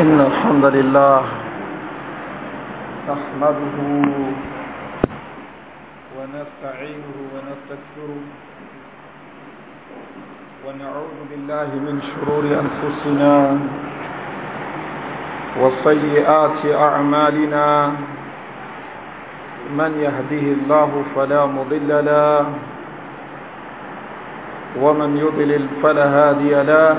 إن الحمد لله نحمده ونستعينه ونستكثره ونعوذ بالله من شرور أنفسنا وسيئات أعمالنا من يهده الله فلا مضل له ومن يضلل فلا هادي له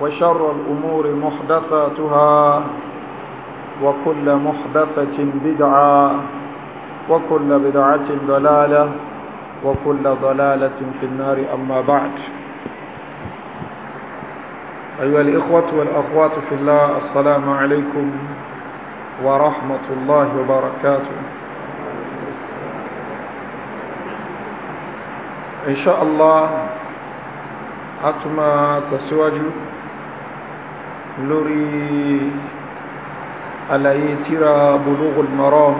وشر الأمور محدثاتها وكل محدثة بدعة وكل بدعة ضلالة وكل ضلالة في النار أما بعد أيها الإخوة والأخوات في الله السلام عليكم ورحمة الله وبركاته إن شاء الله أتما تسواجه lórí àlàyé tíra Bulughul Maram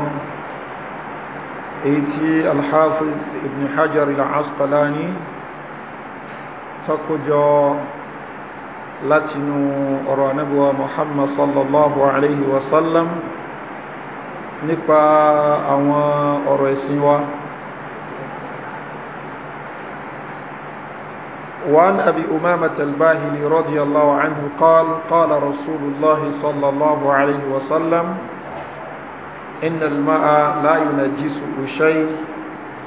èyí tí al-Hafiz ibn Hajar al-Asqalani takojọ látinú ọ̀rọ̀ anábíwa Muhammad sallallahu alaihi wasallam nípa àwọn ọ̀rọ̀ ẹ̀sìn wa. Sallam, وعن أبي أمامة الباهلي رضي الله عنه قال قال رسول الله صلى الله عليه وسلم إن الماء لا ينجسه شيء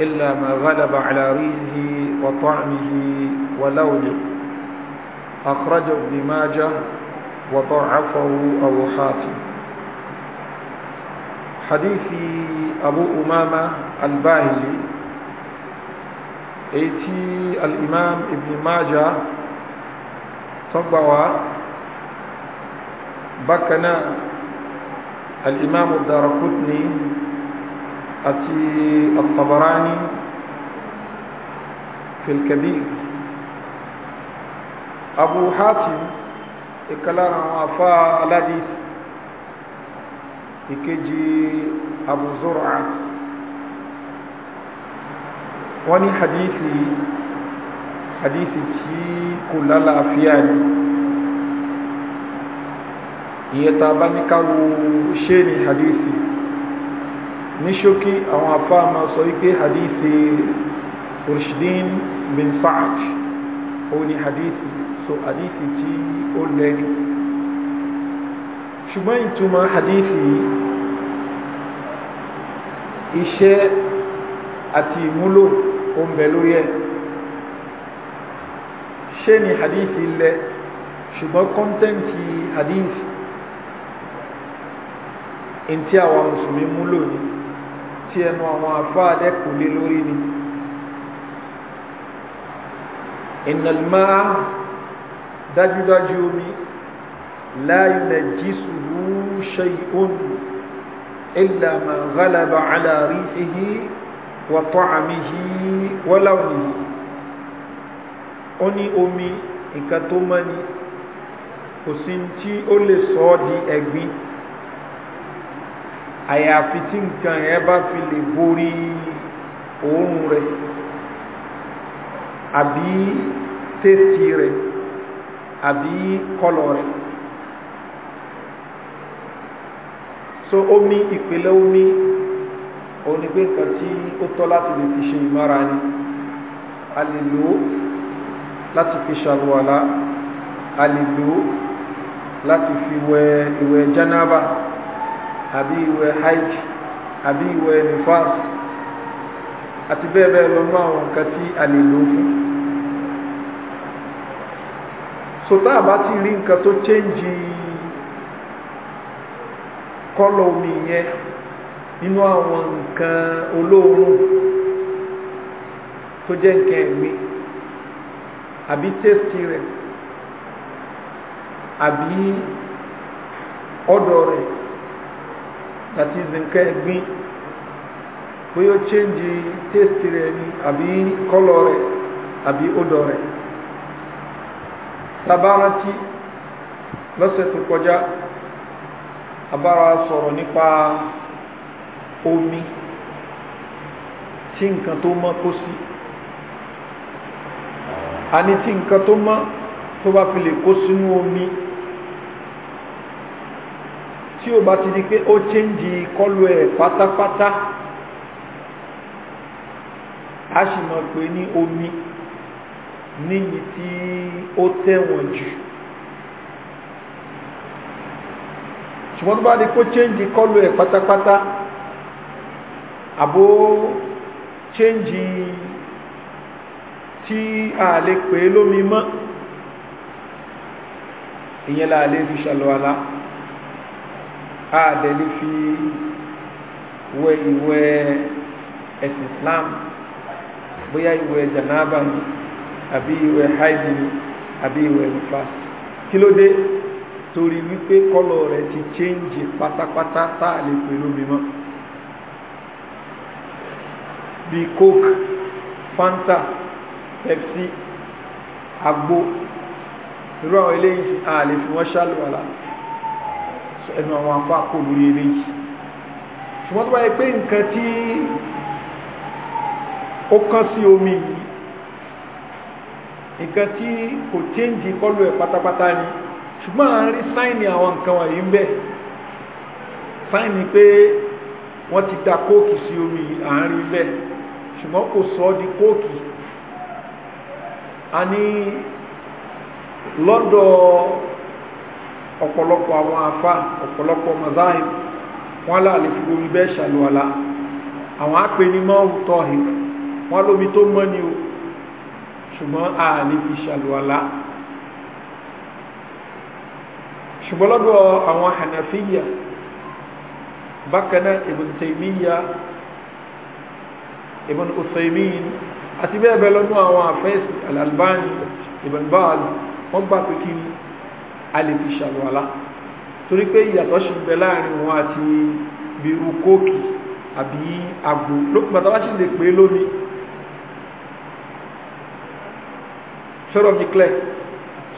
إلا ما غلب على ريحه وطعمه ولونه أخرجه ابن ماجه وضعفه أبو حاتم حديث أبو أمامة الباهلي èyí tí al-imam ibn majah tọ́gbàwá bákanáà al-imam ad-daraqutni àti at-tabarani fi al-kabir abu hatim ìkàlára àwọn afá aládìí ìkejì abu zur'ah wọ́n ní hadithi hadithi tí kò lálàáfíà ni ìyẹn tá a bá ní káwo ṣé ni hadithi ní ṣókí àwọn afáà máa sọ wípé hadithi rushdin bin sa'ad òun ni hadithi so hadithi tí ó lẹ́ni ṣùgbọ́n ìtumọ̀ hadithi iṣẹ́ àti ìmúlò ó ń bẹ lórí ẹ̀ ṣé ni hadith ilẹ̀ ṣùgbọ́n kọ́ńtẹ́ǹtì hadith in tí àwọn mùsùlùmí múlò ní tí ẹnu àwọn àfáà dẹ́kù lé lórí ni ìnàlmá dájúdájú omi láyé nàìjísù شيء إلا ما غلب على ريحه وطعمه wọ́lá òní ó ní omi nǹkan tó mọ́ ni kò sí tí ó lè sọ ọ́ di ẹ̀gbin àyàfi tí nǹkan yẹn bá fi lè borí òórùn rẹ̀ àbí tètè rẹ̀ àbí kọlọ̀ rẹ̀ so omi ìpìlẹ̀ omi òun ni pé nǹkan tí ó tọ́ láti lè fi ṣe ìmára ni a lè lò ó láti fi ṣàlùwàlá a lè lò ó láti fi wẹ ìwẹ̀ jánábà àbí ìwẹ̀ hajj àbí ìwẹ̀ nifas àti bẹ́ẹ̀ bẹ́ẹ̀ lọ mú àwọn nǹkan tí a lè lò fún sọtá àbá ti rí nǹkan tó chẹ́ǹjì kọ́lọ̀ omi yẹn nínú àwọn nǹkan olóòórùn tó jẹ́ nǹkan ẹ̀gbin àbí tẹ́sì rẹ̀ àbí ọ̀dọ̀ rẹ̀ àti nǹkan ẹ̀gbin pé ó change tẹ́sì rẹ̀ ni àbí kọ́lọ̀ rẹ̀ àbí ọ̀dọ̀ rẹ̀ tabarati lọ́sẹ̀ tó kọjá abára sọ̀rọ̀ nípa omi tí nǹkan tó mọ́ kó sí a ní tí nǹkan tó mọ́ tó bá fi lè kó sínú omi tí ó bá ti di pé ó chéńjì kọlu ẹ̀ pátápátá a sì mọ̀ pé ní omi níyì tí ó tẹ̀wọ̀n jù ṣùgbọ́n tó bá di pé ó chéńjì kọlu ẹ̀ pátápátá àbó chẹ́ǹjì tí a lè pè lómi mọ́ ìyẹn la lè fi ṣàlọ́wàlá a dẹ̀ fi wẹ ìwẹ̀ ẹ̀sìn Islam bóyá ìwẹ̀ janaba ni àbí ìwẹ̀ haidi ni àbí ìwẹ̀ nípa kí ló dé torí wípé kọ́lọ̀ rẹ̀ ti chẹ́ǹjì pátápátá tá a lè pè lómi mọ́ bíi coke fanta pepsi agbo irú àwọn eléyìí a lè fi wọ́n ṣàlùwàlà ẹnu àwọn afá kò lórí eléyìí ṣùgbọ́n tó bá yẹ pé nǹkan tí ó kán sí omi yìí nǹkan tí kò chéǹjì kọlu ẹ̀ pátápátá ni ṣùgbọ́n à ń rí sáìnì àwọn nǹkan wọ̀nyí ń bẹ sáìnì pé wọ́n ti da kóòkì sí omi à ń rí bẹ́ẹ̀ ṣùgbọ́n kò sọ di kóòkì a ní lọ́dọ̀ ọ̀pọ̀lọpọ̀ àwọn afá ọ̀pọ̀lọpọ̀ mazahim wọ́n láàlè fi omi bẹ́ẹ̀ ṣàlùwàlá àwọn ápè ní mọ́ọ̀hù tọ́hì wọ́n lómi tó mọ́ ni o ṣùgbọ́n ààlè fi ṣàlùwàlá ṣùgbọ́n lọ́dọ̀ àwọn hànàfíyà bákanáà Ibn ibn usaimin àti bẹ́ẹ̀ bẹ́ẹ̀ lọ́nú àwọn àfẹ́sì al ibn baal wọ́n gbà pé kí a lè fi ṣàlùwàlá torí pé ìyàtọ̀ ṣì ń bẹ láàrin wọn àti bíru kóòkì àbí àgbò lópin bàtà wá lè pé lónìí sọ̀rọ̀ mi clear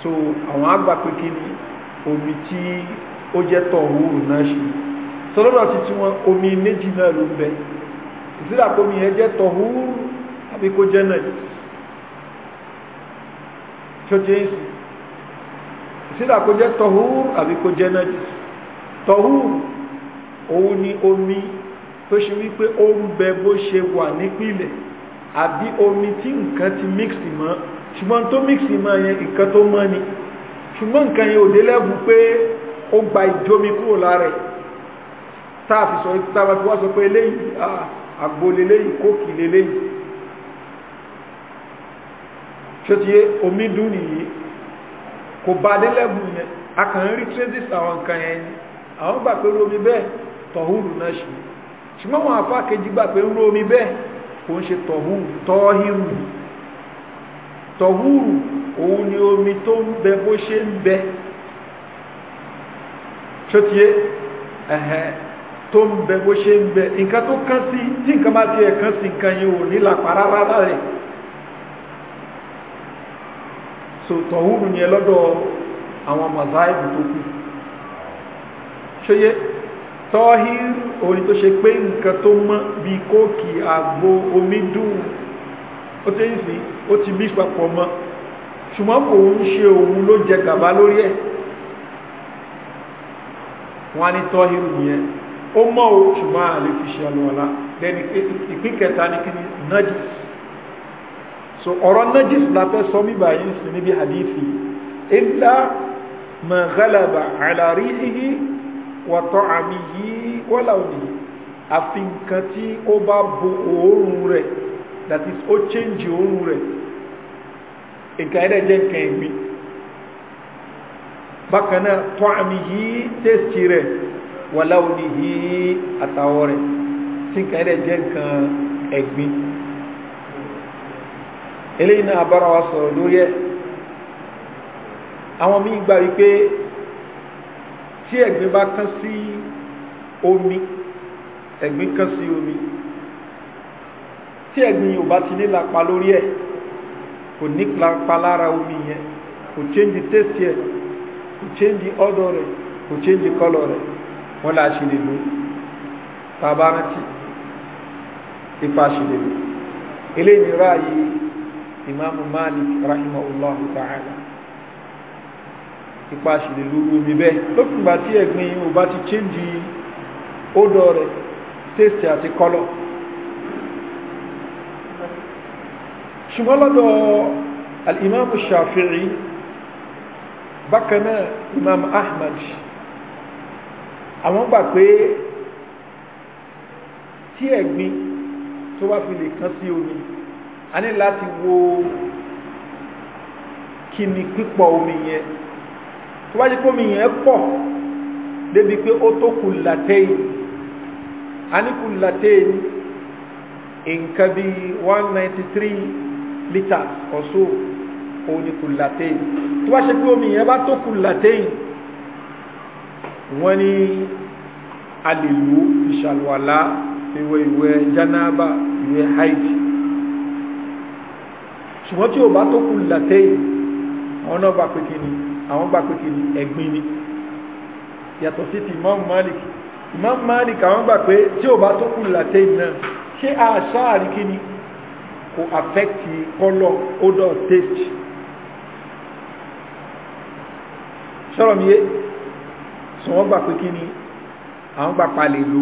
so àwọn àgbà pé kí ni omi tí ó jẹ́ tọ̀ òwúrò náà ṣe sọ̀rọ̀ náà tí wọn omi méjì náà ló ń bẹ ìsìlá kómi yẹn jẹ́ tọ̀húrú àbí kó jẹ́ náà tí ó jẹ́ ìsìn ìsìlá kó jẹ́ tọ̀húrú àbí kó jẹ́ náà tọ̀húrú òun ni omi tó ṣe wípé ó ń bẹ bó ṣe wà nípìlẹ̀ àbí omi tí nǹkan ti mixi mọ́ ṣùgbọ́n tó mixi mọ́ yẹn nǹkan tó mọ́ ni ṣùgbọ́n nǹkan yẹn ò dé lẹ́bù pé ó gba ìjómi kúrò lára ẹ̀ táàfì sọ tábàtí sọ pé eléyìí ah, agbolélé ìkókì lélé yìí ṣó ti yé omi dùn nìyí kò bá dé lẹ́bùn yẹn a kàn ń rí traces àwọn nǹkan yẹn ni àwọn gbà bẹ́ẹ̀ tọ̀húrù náà ṣe ṣùgbọ́n àwọn afá kejì gbà pé bẹ́ẹ̀ kò ń ṣe tọ̀húrù tọ́hírù òun ni omi tó ń bẹ bó ṣe ń bẹ tó ń bẹ bó ṣe ń bẹ nǹkan tó kán sí tí nǹkan bá tiẹ̀ kán sí nǹkan yìí ò ní làpá rárá rẹ̀ so tọ̀húnù yẹn lọ́dọ̀ àwọn mazaibu tó kù ṣeye tọ́hír òní tó ṣe pé nǹkan tó mọ́ bí kóòkì àgbo omi dùn ó tẹ́ ń sí ó ti mí papọ̀ mọ́ ṣùgbọ́n kò ń ṣe òun ló jẹ gàba lórí ẹ̀ wọ́n á ní tọ́hír yẹn ó mọ́ o ṣùgbọ́n àlè fi ṣe àlùwàlá then ìpín kẹta ní kíni najis so ọ̀rọ̀ najis la fẹ́ sọ mí báyìí sí níbi hadithi illa ma ghalaba ala rihihi wa ta'amihi wa lawnihi àfi nǹkan tí ó bá bo òórùn rẹ̀ that is ó change òórùn rẹ̀ nǹkan ẹ̀rẹ̀ jẹ́ nǹkan ẹ̀gbin bákan náà ta'amihi tẹ́sì rẹ̀ wọlá òní yìí àtàwọ̀ rẹ̀ tí nǹkan ẹ̀rẹ̀ jẹ́ nǹkan ẹgbin eléyìí náà bára wa sọ̀rọ̀ lórí ẹ àwọn míì gbà wípé tí ẹgbin bá kán sí omi ẹgbin kán sí omi tí ẹgbin yìí ò bá ti ní lápá lórí ẹ̀ kò ní lápá lára omi yẹn kò change taste yẹn kò change odor rẹ̀ kò change color rẹ̀ wọ́n là ṣe lè lò tàbá rántí ipa ṣe lè lò ilé ìnira yìí imamu malik rahimahullah ta'ala ipa ṣe lè lò omi bẹ́ẹ̀ lókùnbà tí ẹ̀gbìn ò bá ti chéńjì ódọ̀ rẹ̀ tèsì àti kọ́lọ̀ ṣùgbọ́n lọ́dọ̀ al-imam shafi'i bákan náà imam ahmad àwọn gbà pé tí ẹ̀gbin tó bá fi lè kán sí omi a ní láti wo kí ni pípọ̀ omi yẹn tó bá jẹ́ pé omi yẹn pọ̀ débi pé ó tó kù làtẹ́yìn a ní kù làtẹ́yìn nǹkan bí one ninety three litres or so òun tó bá ṣe pé omi yẹn bá tó kù làtẹ́yìn wọ́n ní alèlú ìṣàlùwàlá ìwẹ̀ ìwẹ̀ jánábà ìwẹ̀ haiti ṣùgbọ́n tí ó bá tó kú látẹ́yìn àwọn náà bá pèkì ní àwọn bá pèkì ní ẹ̀gbin ni yàtọ̀ sí ti Imam Malik Imam Malik àwọn gbà pé tí ó bá tó kú látẹ́yìn náà ṣé àṣà àríkí ni kò affecti color odor taste ṣọ́rọ̀ mi yé so wọ́n gbà pé kí ni àwọn gbà pa lè lò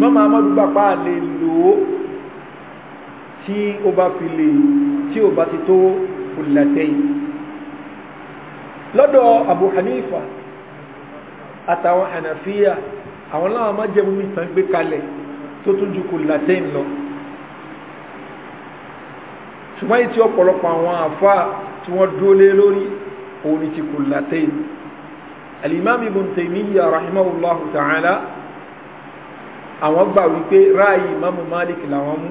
mọ́mọ́ amọ́dún gbà pa lè lò ó tí ó bá fi lè tí ó bá ti tó kùlẹ̀tẹ́yìn lọ́dọ̀ Abu Hanifa àtàwọn Hanafiya àwọn láwọn má jẹ́ mú ìtàn gbé kalẹ̀ tó tún ju kùlẹ̀tẹ́yìn lọ ṣùgbọ́n ìtí ọ̀pọ̀lọpọ̀ àwọn àfáà tí wọ́n dúró lé lórí òun ni ti kùlẹ̀tẹ́yìn alimami ibn taymiya rahimahullahu ta'ala àwọn gbà wípé ráàyè imamu malik làwọn mú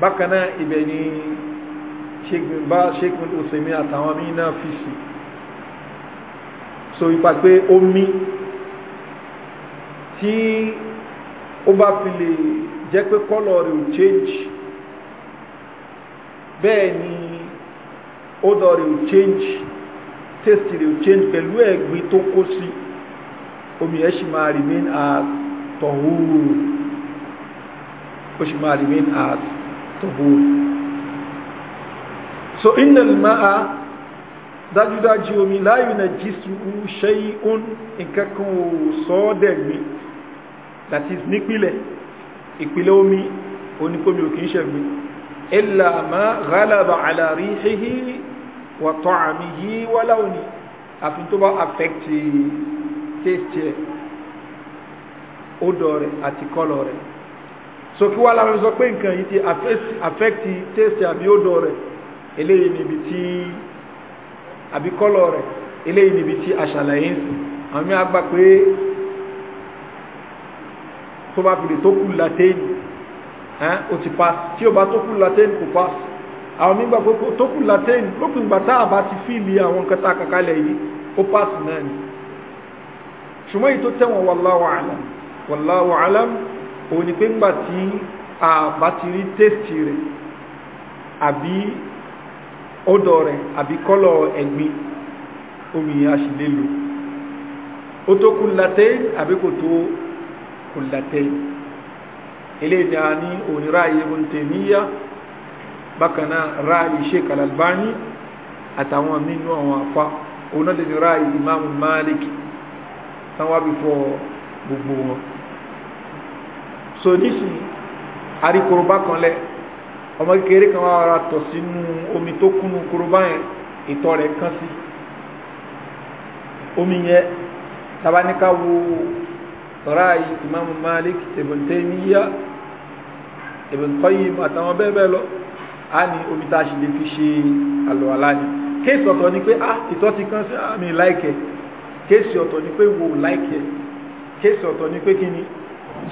bákan náà ibẹ̀ ni sheikh bin usemi àtàwọn míín náà fi sí so ipa pé omi tí ó bá fi lè jẹ́ pé kọ́lọ̀ rẹ̀ ò change bẹ́ẹ̀ ni odor rẹ̀ ò change taste rẹ̀ ò change pẹ̀lú ẹ̀gbin tó kó sí omi ẹ̀ sì máa remain as tọ̀húrù ó sì máa remain as tọ̀húrù so inna al-ma'a dájúdájú omi láyé na jísù ṣe'ún nkankan ò sọ́ọ́dẹ̀gbin that is nípìlẹ̀ ìpìlẹ̀ omi onípomi ò kìí ṣẹ̀gbin illa ma ghalaba ala rihihi wa ta'amihi wa lawni àfi tó bá affect taste ẹ̀ odò rẹ̀ àti kọ́lọ̀ rẹ̀ so kí wá lára ti affect taste abi odò rẹ̀ eléyìí níbi tí àbí kọ́lọ̀ rẹ̀ eléyìí níbi tí aṣàlàyé ń sìn àwọn mi àgbà pé tó bá fi lè tó ti pass tí ó bá tó kù àwọn mígbà gbogbo tó kù latin lópin ìgbà tá a bá ti fíìlì àwọn nǹkan tá a kàkálẹ̀ yìí ó pàṣẹ náà ni ṣùgbọ́n èyí tó tẹ̀wọ̀n wallahu alam wallahu alam òun ni pé ńgbà tí a bá ti rí tẹ́sítì rẹ̀ àbí ọ̀dọ̀ rẹ̀ àbí kọ́lọ̀ ẹ̀gbin omi àṣìlè ó tó kù latin àbí kò tó kù latin eléyìí ni a ní òníráyé ibùn tèmíyà bákan náà ráàyè sheik alalbani àtàwọn nínú àwọn afa òun náà ráàyè imam malik táwọn wábi fọ gbogbo wọn so nísìnyí àrí korobá kan lẹ ọmọ kékeré kan wà ra tọ̀ sínú omi tó kúnnú korobá yẹn ìtọ̀ rẹ̀ kán sí omi yẹn tabaníka wo ráàyè imam malik ibn taymiya ibn qayyim àtàwọn bẹ́ẹ̀ bẹ́ẹ̀ lọ ani ní omi tá a ṣe lè fi ṣe àlùwàlá ni kéèsì ọ̀tọ̀ ni pé ah ìtọ̀ ti kán sí àmì ah, láìkẹ̀ kéèsì ọ̀tọ̀ ni pé wò láìkẹ̀ kéèsì ọ̀tọ̀ ni pé kíni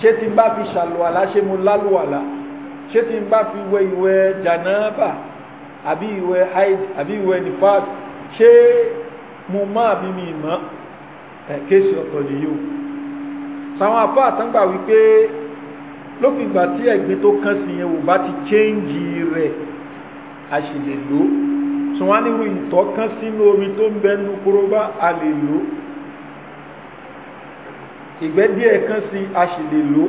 ṣé tí n bá fi ṣàlùwàlá ṣé mo lálùwàlá ṣé tí n bá fi wẹ ìwẹ̀ jànáàbà àbí ìwẹ̀ haid àbí ìwẹ̀ nifas ṣé mo má àbí mi mọ́ kéèsì ọ̀tọ̀ nìyí o sàwọn àfọ àtàǹgbà wípé lópin ìgbà tí ẹ̀gbin tó kán sí yẹn ò bá ti chéǹjì rẹ̀ a sì lè lò ó tí wọ́n á níwò ìtọ́ kán sínú omi tó ń bẹ nínú korobá a lè lò ó ìgbẹ́ díẹ̀ kán sí a sì lè lò ó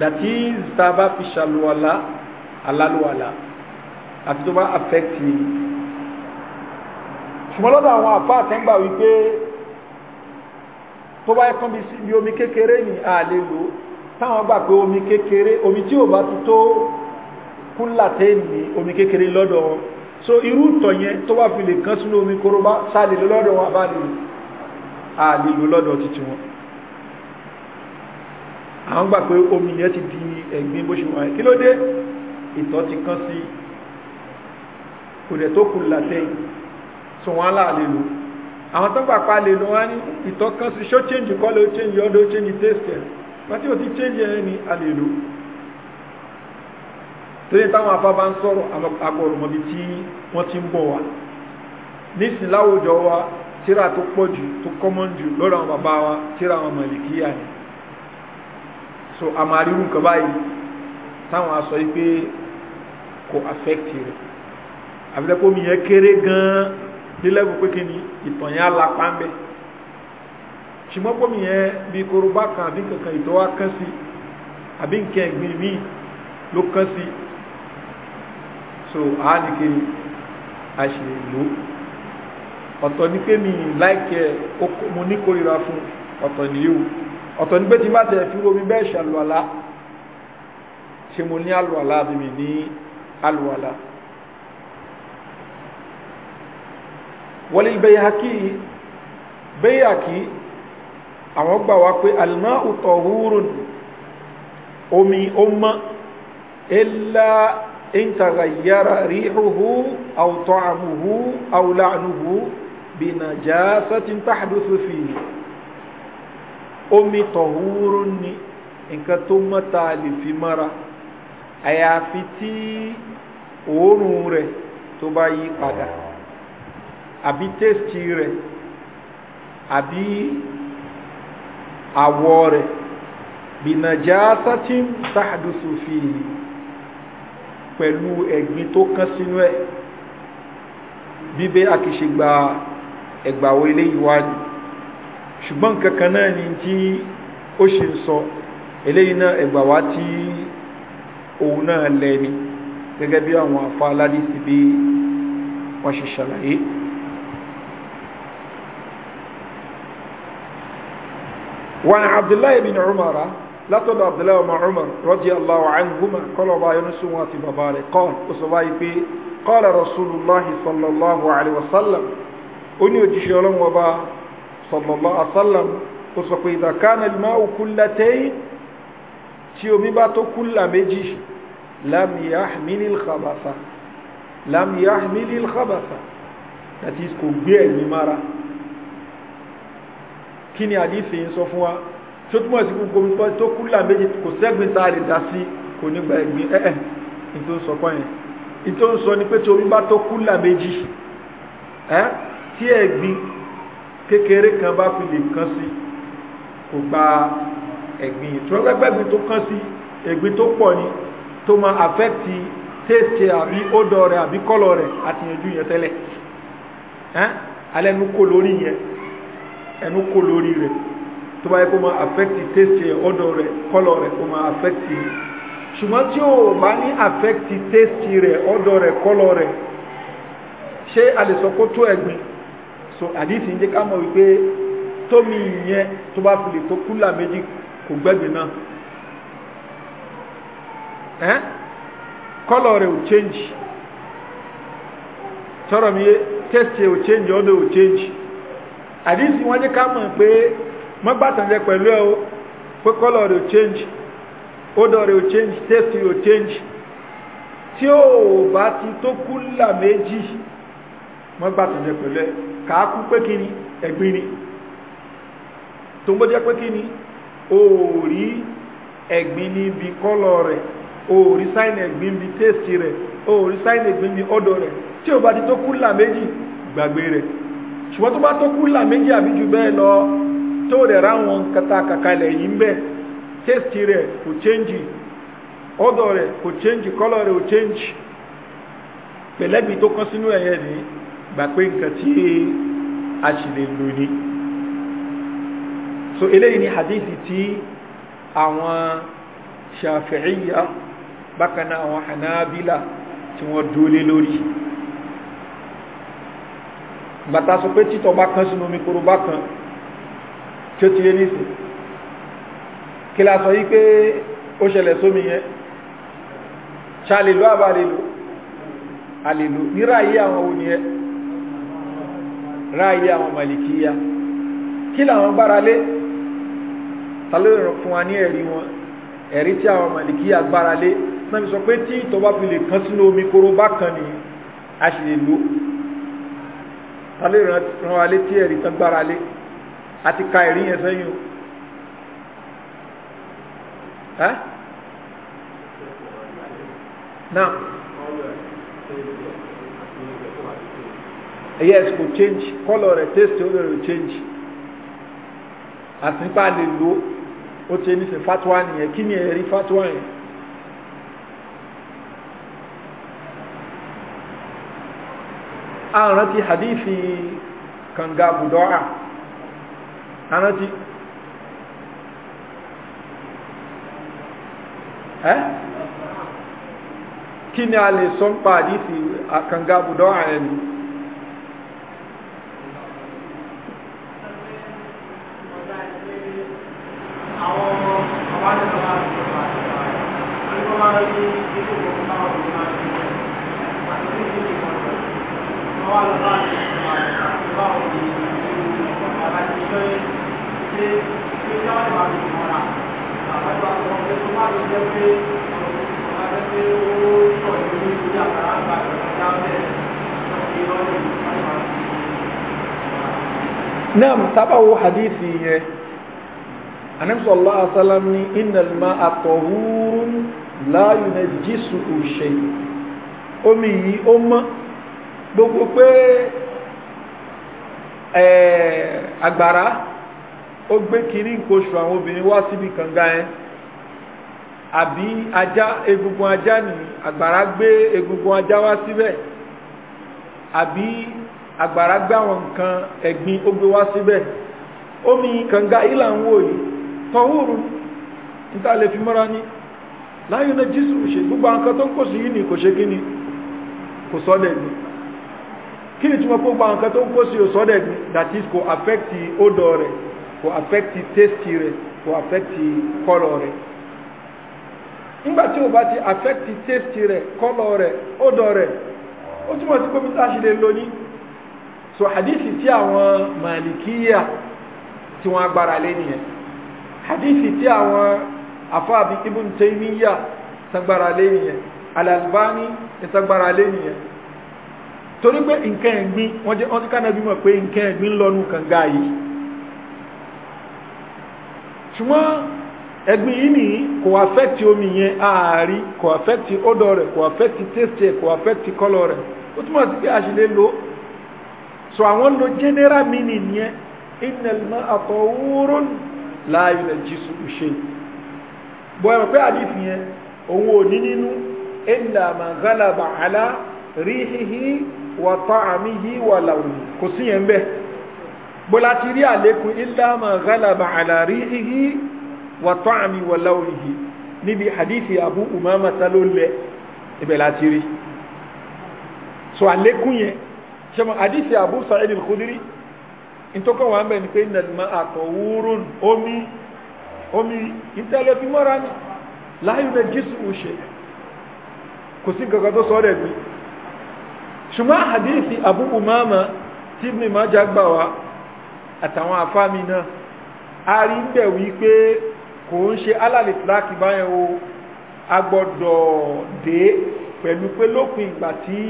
dàtí tá bá fi ṣàlùwàlá alálùwàlá àti tó bá affect me ṣùgbọ́n lọ́dọ̀ àwọn àfá àtẹ́ngbà wípé tó bá ẹ̀kan bí omi kékeré ní a lè lò ó táwọn gbà pé omi kékeré omi tí ò bá ti tó kúlà tẹ́ẹ̀nì omi kékeré lọ́dọ̀ wọn so irú ìtọ̀ yẹn tó bá fi lè kán sínú omi korobá sáàlìlò lọ́dọ̀ wọn àbá àlìlò lọ́dọ̀ títí wọn àwọn gbà pé omi yẹn ti di ẹ̀gbin bó ṣe wà kí ló dé ìtọ̀ ti kán sí kò dẹ̀ tó kúlà tẹ́ẹ̀nì so wọn aláàlìlò àwọn tó gbà pa àlìlò wọn ní ìtọ̀ kán sí ṣó change kọ́ ló change ọdọ̀ change taste pàtí o ti change ẹ ní alèlò torí táwọn afá bá ń sọ̀rọ̀ agbọ̀rọ̀mọ̀bí tí wọ́n ti ń bọ̀ wá nísìn láwùjọ wa tíra tó pọ̀ jù tó kọ́mọ́n jù lọ́rọ̀ àwọn bàbá wa tíra àwọn màlìkíyà ni so àmàríwù nǹkan báyìí táwọn aṣọ yìí pé kò affect rẹ̀ àbílẹ̀kọ́ mi yẹn kéré gan-an nílẹ̀ bù pé kí ni ìtàn yẹn á la pàmbẹ́ ṣùgbọ́n pómi yẹn bí korobá kan àbí kankan ìtọ́wá kán sí àbí nǹkan ẹ̀gbìn míì ló kán sí so àádìkiri a ṣe lò ọ̀tọ̀ ní pé mi láìkẹ́ mo ní kórìíra fún ọ̀tọ̀ ní yíò ọ̀tọ̀ ní pé tí bá tẹ̀ fi omi bẹ́ẹ̀ ṣàlùwàlá ṣe mo ní àlùwàlá àbí mi ní àlùwàlá wọlé ìbẹ̀yàkí bẹ́yàkí àwọn gbà wá pé alma'u tahurun omi ó mọ́ illa in taghayyara rihuhu aw ta'amuhu aw la'nuhu bi najasatin tahduthu fihi omi tahurun ni nǹkan tó mọ́ ta lè fi mọ́ra àyàfi tí òórùn rẹ̀ tó bá yí padà àbí tẹ́sítì rẹ̀ àbí àwọ̀ rẹ̀ bìnàjásátín tàdùsù fi pẹ̀lú ẹ̀gbin tó kán sínú ẹ̀ bíbẹ́ àkìṣègbà ẹ̀gbàwó ilé ìwádìí ṣùgbọ́n kankan náà ni tí ó ṣe ń sọ eléyìí náà ẹ̀gbàwá tí òun náà lẹ́ni gẹ́gẹ́ bí àwọn afá aládìsí bí wọ́n ṣe ṣàlàyé وعن عبد الله بن عمر لا تدع عبد الله مع عمر رضي الله عنهما قال وبا ينسوا في مبارك قال وصباي بي قال رسول الله صلى الله عليه وسلم أن يجيش وبا صلى الله عليه وسلم وصباي إذا كان الماء كلتين تيومي باتو كل مجيش لم يحمل الخبث لم يحمل الخبث that is kò gbé ẹ̀mí mara kí ni àdífì ń sọ fún wa tó túnmọ̀ sí gbogbo nǹkan tó kú là kò sẹ́gbìn tá a lè dá sí kò ní gba ẹ̀gbìn ẹ̀ẹ́ ìtò ń sọ kọ́ yẹn ìtò ń sọ ni pé torí bá tó kú là méjì ẹ́ tí ẹ̀gbìn kékeré kan bá fi lè kán sí kò gba ẹ̀gbìn tó gbẹ́gbẹ́gbìn tó kán sí ẹ̀gbìn tó pọ̀ ni tó máa àfẹ́tì tẹ́ẹ̀tì àbí ódọ̀ rẹ̀ àbí kọ́lọ̀ rẹ̀ àtìyànjú yẹn tẹ́lẹ̀ ẹ́ alẹ́nu kò lórí yẹn ẹnu kò lórí rẹ̀ tó bá yẹ kó máa affect taste ẹ̀ ọ̀dọ̀ rẹ̀ kọ́lọ̀ rẹ̀ kó máa affect ẹ̀ ṣùgbọ́n tí o bá ní affect taste rẹ̀ ọ̀dọ̀ rẹ̀ kọ́lọ̀ rẹ̀ ṣé a lè sọ kó tó ẹ̀gbin so àdìsí ń jẹ́ ká mọ̀ wípé tómi yẹn tó bá fi lè tó kúlà méjì kò gbẹ̀gbin náà ẹ́n kọ́lọ̀ rẹ̀ ò change tọ́rọ̀ mi yé taste ẹ̀ ò change ọ̀dọ̀ ò change. àdìsí wọn jẹ́ ká mọ̀ pé mọ́gbàtànjẹ pẹ̀lú ẹ̀ o pé kọ́lọ̀ rẹ̀ ò change odor rẹ̀ ò change taste rẹ̀ ò change tí bá ti tó kúlà méjì mọ́gbàtànjẹ pẹ̀lú ẹ̀ kàákú pé kí ni ẹ̀gbin ni tó ń o rí ẹ̀gbin kọ́lọ̀ rẹ̀ o rí sáìn ẹ̀gbin rẹ̀ o rí sáìn ẹ̀gbin rẹ̀ tí ó bá ti gbàgbé rẹ̀ ṣùgbọ́n tó bá tó kú là méjì àbí jù bẹ́ẹ̀ lọ tó rẹ̀ ráwọn kata kàkalẹ̀ yìí ń bẹ̀ tẹ́sítì rẹ̀ kò chẹ́ǹjì ọ̀dọ̀ rẹ̀ kò chẹ́ǹjì kọ́lọ̀ rẹ̀ kò chẹ́ǹjì pẹ̀lẹ́bí tó kán sínú ẹ̀yẹ ní gbà pé nǹkan tí a sì so eléyìí ni hadithi tí àwọn Shafi'iyya bákan náà àwọn Hanabila tí wọ́n lórí bàtà sọ pé títọ́ bá kan sínú omi koro bá kan tí ó ti yé nísìn kí la sọ yí pé ó ṣẹlẹ̀ sómi yẹn ṣàlèlú àbàlèlú àlèlú ní ráyé àwọn oníyẹ ráyé àwọn màlìkíyà kí làwọn gbára lé tàlóòrùn fún wa ní ẹ̀rí wọn ẹ̀rí tí àwọn màlìkíyà gbára lé sọ pé tí ìtọ́ bá fi lè kan sínú omi koro bá kan ni a lò tàlẹ́ ìran wa létí ẹ̀rí tán gbára lé àti ka ẹ̀rí yẹn sẹ́yìn o ẹ́ náà yes kò change kọ́lọ̀ rẹ̀ taste ó lè change àti nípa lè lo ó ti ní sè fatwa nìyẹn kí ni ẹ̀rí fatwa yẹn. àrántí hadithi kànga budoa àrántí ẹ́ kí ni a lè sọ ń pa hadithi kànga budoa ẹni naam tabawo hadisi yẹ anamisọlọ asalam ni inalima atọhurun laayu na jisu o ṣe omi yìí gbogbo pé agbára ó gbé kiri nǹkan àwọn obìnrin wá síbi kànga yẹn àbí ajá egungun ajá ni agbára gbé egungun ajá wá síbẹ̀ àbí agbára gbé àwọn nǹkan ẹ̀gbin ó gbé wá síbẹ̀ omi kànga ìlà ń wò yìí tọ́wúrú níta lè fi mọ́ra ní láyé náà jésù ṣe gbogbo àwọn kan tó ń kó sí yìí ni kò ṣe kí ni kò kí ni túnmọ̀ gbogbo àwọn nǹkan tó ń kó sí òsọ́dẹ̀ that is kò affect odor rẹ̀ kò affect taste rẹ̀ kò affect color rẹ̀ nígbà tí o bá ti affect taste rẹ̀ color rẹ̀ odor rẹ̀ ó túnmọ̀ sí gómìnà tá a ṣe lè lò ní so hadithi tí àwọn malikiya tí wọ́n agbára lé nìyẹn hadithi tí àwọn afáàbí ibùn taymiya tagbára lé nìyẹn alalbani tagbára lé nìyẹn torí pé nǹkan ẹ̀gbin wọ́n jẹ́ ọdún kánàbí mọ̀ pé nǹkan ẹ̀gbin lọ́nu kànga yìí ṣùgbọ́n ẹ̀gbin yìí ni kò àfẹ́tì omi yẹn ààrí kò àfẹ́tì ódọ̀ rẹ̀ kò àfẹ́tì tẹ́sì kò àfẹ́tì kọ́lọ̀ rẹ̀ ó túmọ̀ sí pé a ṣe lè lo so àwọn lo general meaning yẹn innal ma'a tahurun la yunajjisu shay bọ́ ẹ̀rọ pé àdìsí yẹn òun ò ní nínú illa ma ghalaba ala wa ta'amihi wa lawni kò sí yẹn bẹ́ẹ̀ bọ́lá ti rí àlékún illa ma ghalaba ala rihihi wa ta'ami wa lawnihi níbi hadithi abu umama talo lẹ ibẹ̀ láti rí so àlékún yẹn ṣe mọ hadithi abu sa'id al-khudri ntọ́kọ̀ wà ń bẹ̀ ni pé nàìjíríà àtọ̀wúrún omi omi ìtẹ́lẹ̀ mọ́ra ní láyé rẹ̀ jésù òṣè kò sí gàgà rẹ̀ ṣùgbọ́n hadithi Abu Umama tí Ibn Majah gbà wá àtàwọn àfáàmì náà a rí ń bẹ̀ wípé kò ń ṣe alàlè tíláàkì báyẹn o a gbọ́dọ̀ dé pẹ̀lú pé lópin ìgbà tí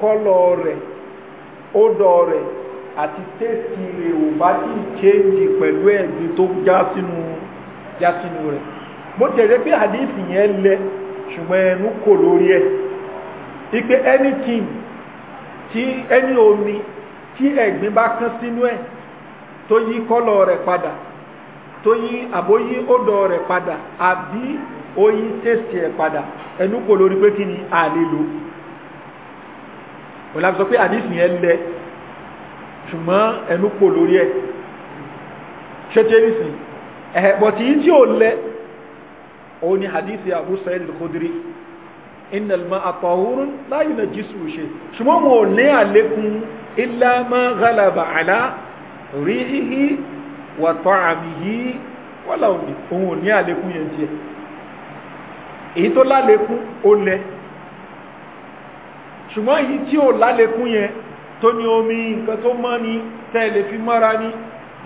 kọ́lọ̀ rẹ̀ ódọ̀ rẹ̀ àti tẹ́sì rẹ̀ ò bá tí ì chéńjì pẹ̀lú ẹ̀gbin tó já sínú já sínú rẹ̀ mo tẹ̀lé pé hadithi yẹn lẹ ṣùgbọ́n ẹnu kò lórí ẹ̀ ipe anything tí ẹni omi tí ẹ̀gbin bá kán sínú to yi yí kọ́lọ̀ pada to yi yí àbóyí odò rẹ̀ padà àbí oyin tẹ́sì ẹ̀ padà ẹnu kò lórí pé kí ni àlelo wọ́n láti sọ pé àdísì yẹn lẹ ṣùgbọ́n ẹnu kò lórí ni innal ma'a tahurun la yunajjisu shay ṣùgbọ́n wọn ò ní àlékún illa ma ghalaba ala rihihi wa ta'amihi wala òun ò ní àlékún yẹn tiẹ̀ èyí tó lálékún ó lẹ ṣùgbọ́n èyí tí ò lálékún yẹn tó ní omi nǹkan tó mọ́ ni tẹ́lẹ̀ fi mọ́ra ni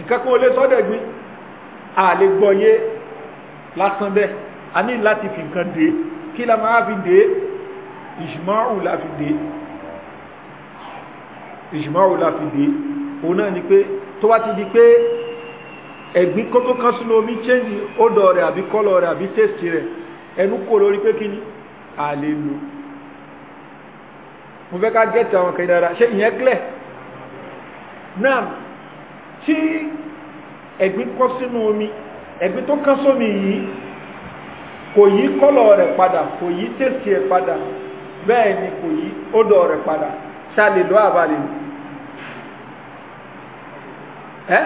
nǹkan kan ó lé sọ́dẹ̀gbin àlégbọ́yé lásán bẹ́ẹ̀ a ní láti fi nǹkan dé kí la máa fi dé ìṣmáù la fi dé ìṣmáù la fi dé òun náà ni pé tó bá ti di pé ẹ̀gbín kótó kan sínú omi change odò rẹ̀ àbí kọ́lọ̀ rẹ̀ àbí tẹ́sì rẹ̀ ẹnu kò lórí pé kí a lè lò mo fẹ́ ká gẹ́ẹ̀tì àwọn kan dára ṣé ìyẹn clear náà tí ẹ̀gbín kọ́ sínú omi ẹ̀gbín tó kán sómi yìí kò yí kọ́lọ̀ rẹ̀ padà kò yí tèsì ẹ̀ padà bẹ́ẹ̀ ni kò yí ódò rẹ̀ padà ṣáàlè lọ́ àbálẹ̀ ẹ́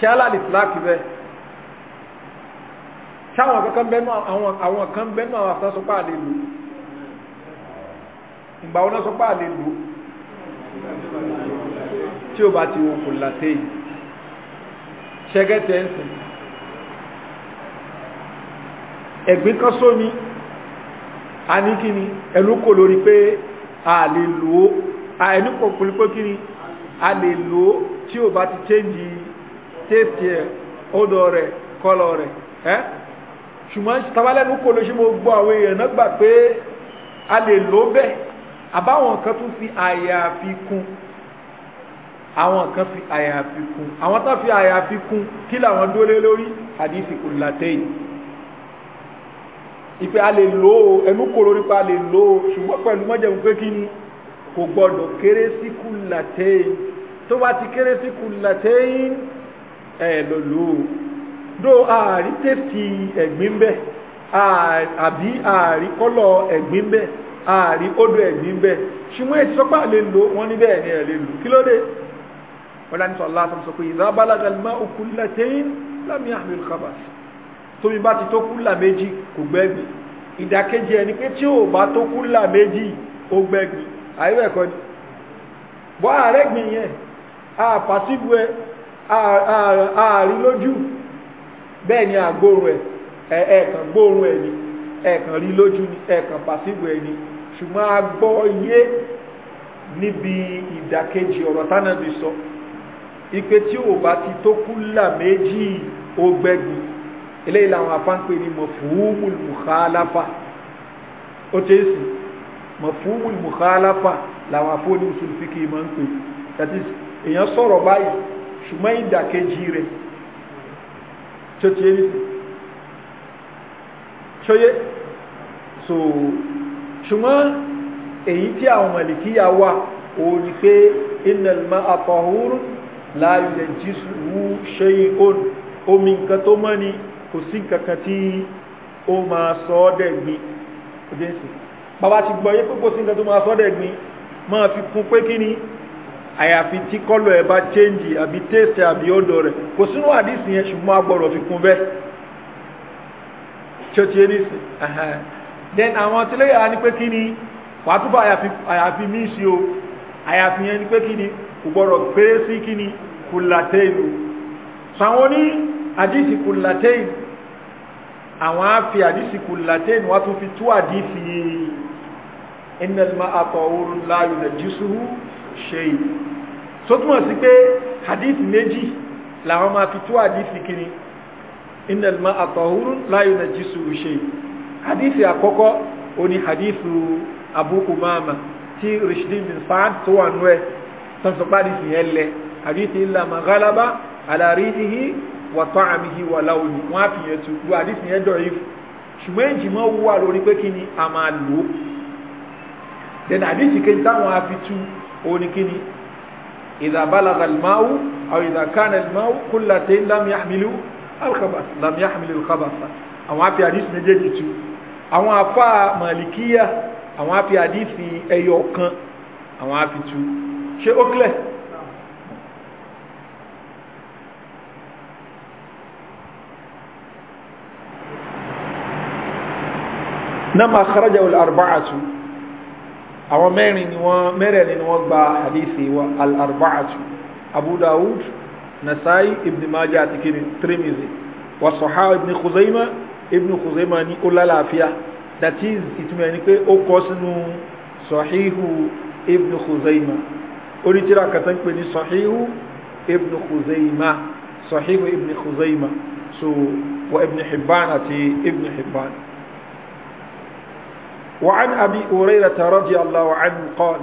ṣáàlàlì bẹ́ẹ̀ ṣáwọn kankan bẹ́ẹ̀ àwọn kan bẹ́ẹ̀ náà àfẹ́ àlè ẹ̀gbín kan sómi a ní kí ni ẹnu kò lórí pé a lè lò ó a ẹnu kò kúrú pé kí ni a lè lò ó tí ò bá ti chéǹjì téèpì ẹ̀ ọ̀dọ̀ rẹ̀ kọ́lọ̀ rẹ̀ ẹ́ ṣùgbọ́n tabalẹ́nu kò lóṣù mo gbọ́ àwọn èèyàn náà gbà pé a lè lò ó bẹ́ẹ̀ àbáwọn kan tún fi àyàfi kún àwọn kan fi àyàfi kún àwọn tó fi àyàfi kún kí làwọn dólé lórí hadisi kùlàtẹ́yìn ìpè a lè lò ó ẹnu kò lórí pa a lè lò ó ṣùgbọ́n pẹ̀lú mọ́jẹ̀mú pé kí ni kò gbọ́dọ̀ kéré sí kùlàtẹ́yìn tó bá ti kéré sí kùlàtẹ́yìn ẹ̀ lọ ó dó ààrí tètè ẹ̀gbín bẹ́ẹ̀ àbí ààrí kọ́lọ̀ ẹ̀gbín bẹ́ẹ̀ ààrí odò ẹ̀gbín bẹ́ẹ̀ ṣùgbọ́n èsì sọ́pà lè lò wọ́n ní bẹ́ẹ̀ ni ẹ̀ lè lò kí ló dé wọ́n dání sọ tómi bá ti tó kúlà méjì kò gbẹ́gbì ìdàkejì ẹni pé tí ò bá tó kúlà méjì ó gbẹ́gbì àìwẹ̀ ẹ̀kọ́ ni bọ́ ààrẹ gbìn yẹn àpàtìbù ẹ ààrí lójú bẹ́ẹ̀ ni àgbóòrùn ẹ̀ ẹ̀ẹ̀kan gbóòrùn ẹ̀ ni ẹ̀ẹ̀kan rí lójú ni ẹ̀ẹ̀kan pàtìbù ẹ̀ ni ṣùgbọ́n a gbọ́ yé níbi ìdàkejì ọ̀rọ̀ tánàbì sọ ipe tí ò bá ti tó kúlà méjì ó gbẹ́gbì eléyìí làwọn afánpé ní mọ̀fúhùmù mùkálàfà ó tẹ́ sí mọ̀fúhùmù mùkálàfà làwọn afóní mùsùlùfíkì máa ń pè that is èèyàn sọ̀rọ̀ báyìí ṣùgbọ́n ìdàkejì rẹ̀ tó tẹ́ ní sí ṣóyé so ṣùgbọ́n èyí tí àwọn mọ̀lìkíyà wà òun ni pé innal ma'a tahurun la yunajjisuhu shay'un omi nǹkan tó kò sí kankan tí ó máa sọ ọ́ dẹ̀ gbin òde ńsìn bàbá ti gbọ́ yé pé kò sí nǹkan tó máa sọ ọ́ dẹ̀ gbin máa fi kún pé kí ni àyàfi tí kọ́lọ̀ ẹ̀ bá chẹ́ǹjì àbí tẹ́sẹ̀ àbí ọ̀dọ̀ rẹ̀ kò sínú àdìsí yẹn ṣùgbọ́n a gbọ́dọ̀ fi kún bẹ́ẹ̀ tí ó ti ní sí then àwọn tí lóye àwọn ni pé kí ni wàá túbọ̀ àyàfi mí sí o àyàfi yẹn ni pé kí ni kò gbọ́dọ̀ pé sí kí ni kò làtẹ́ ìlú sàwọn ní àdìsí kùlàtẹ́yìn àwọn á fi àdìsí kùlàtẹ́yìn wọ́n tún fi tú àdìsí ẹnẹ́lẹ́mọ́ àtọ̀wòrò láàyò nà jísúrú ṣe yìí tó túnmọ̀ sí pé àdìsí méjì làwọn máa fi tú àdìsí kiri ẹnẹ́lẹ́mọ́ àtọ̀wòrò láàyò nà jísúrú ṣe yìí àdìsí àkọ́kọ́ òní àdìsí Abu Umama tí Rishdin bin Saad tó wà nú wàtọ́ àmìhí wà láwùjọ wọn á fi yẹn tu lu àdìsí yẹn dọ̀rọ̀ yìí ṣùgbọ́n ìjìmọ̀ wà lórí pé kí ni a máa lò ó then àdìsí kejì táwọn á fi tu òun ni kí ni ìdàbálàgà lmáwù àwọn ìdàkánà lmáwù kúlàtẹ́ lámìyàmìlú alkabasa lámìyàmìlú alkabasa àwọn á fi àdìsí méjèèjì tu àwọn afa màlìkíyà àwọn á fi àdìsí ẹyọ kan àwọn á fi tu ṣé ó clear nama kharaja al-arba'atu àwọn mẹ́rin ni wọ́n mẹ́rẹ̀ẹ̀rin ni wọ́n gba hadithi wa al-arba'atu abu dawud nasai ibn majah àti kini tirimizi wa sahaba ibn khuzaima ibn khuzaima ni ó lálàáfíà that is ìtumọ̀ ẹni pé ó kọ sínú sahihu ibn khuzaima onítìrà kàtà ń pè ní sahihu ibn khuzaima sahihu ibn khuzaima so wa ibn hibban àti ibn hibban وعن أبي هريرة رضي الله عنه قال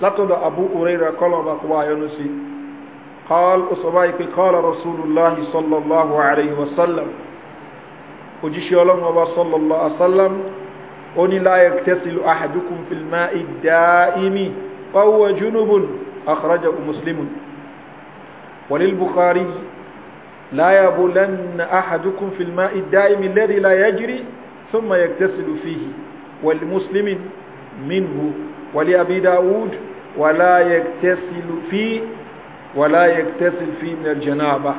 لقد أبو هريرة قال بقوا ينسي قال أصبائك قال رسول الله صلى الله عليه وسلم وجيش يولم صلى الله عليه وسلم أني لا يغتسل أحدكم في الماء الدائم فهو جنب أخرجه مسلم وللبخاري لا يبولن أحدكم في الماء الدائم الذي لا يجري ثم يغتسل فيه ولمسلم منه ولأبي داود ولا يغتسل فيه ولا يغتسل فيه من الجنابة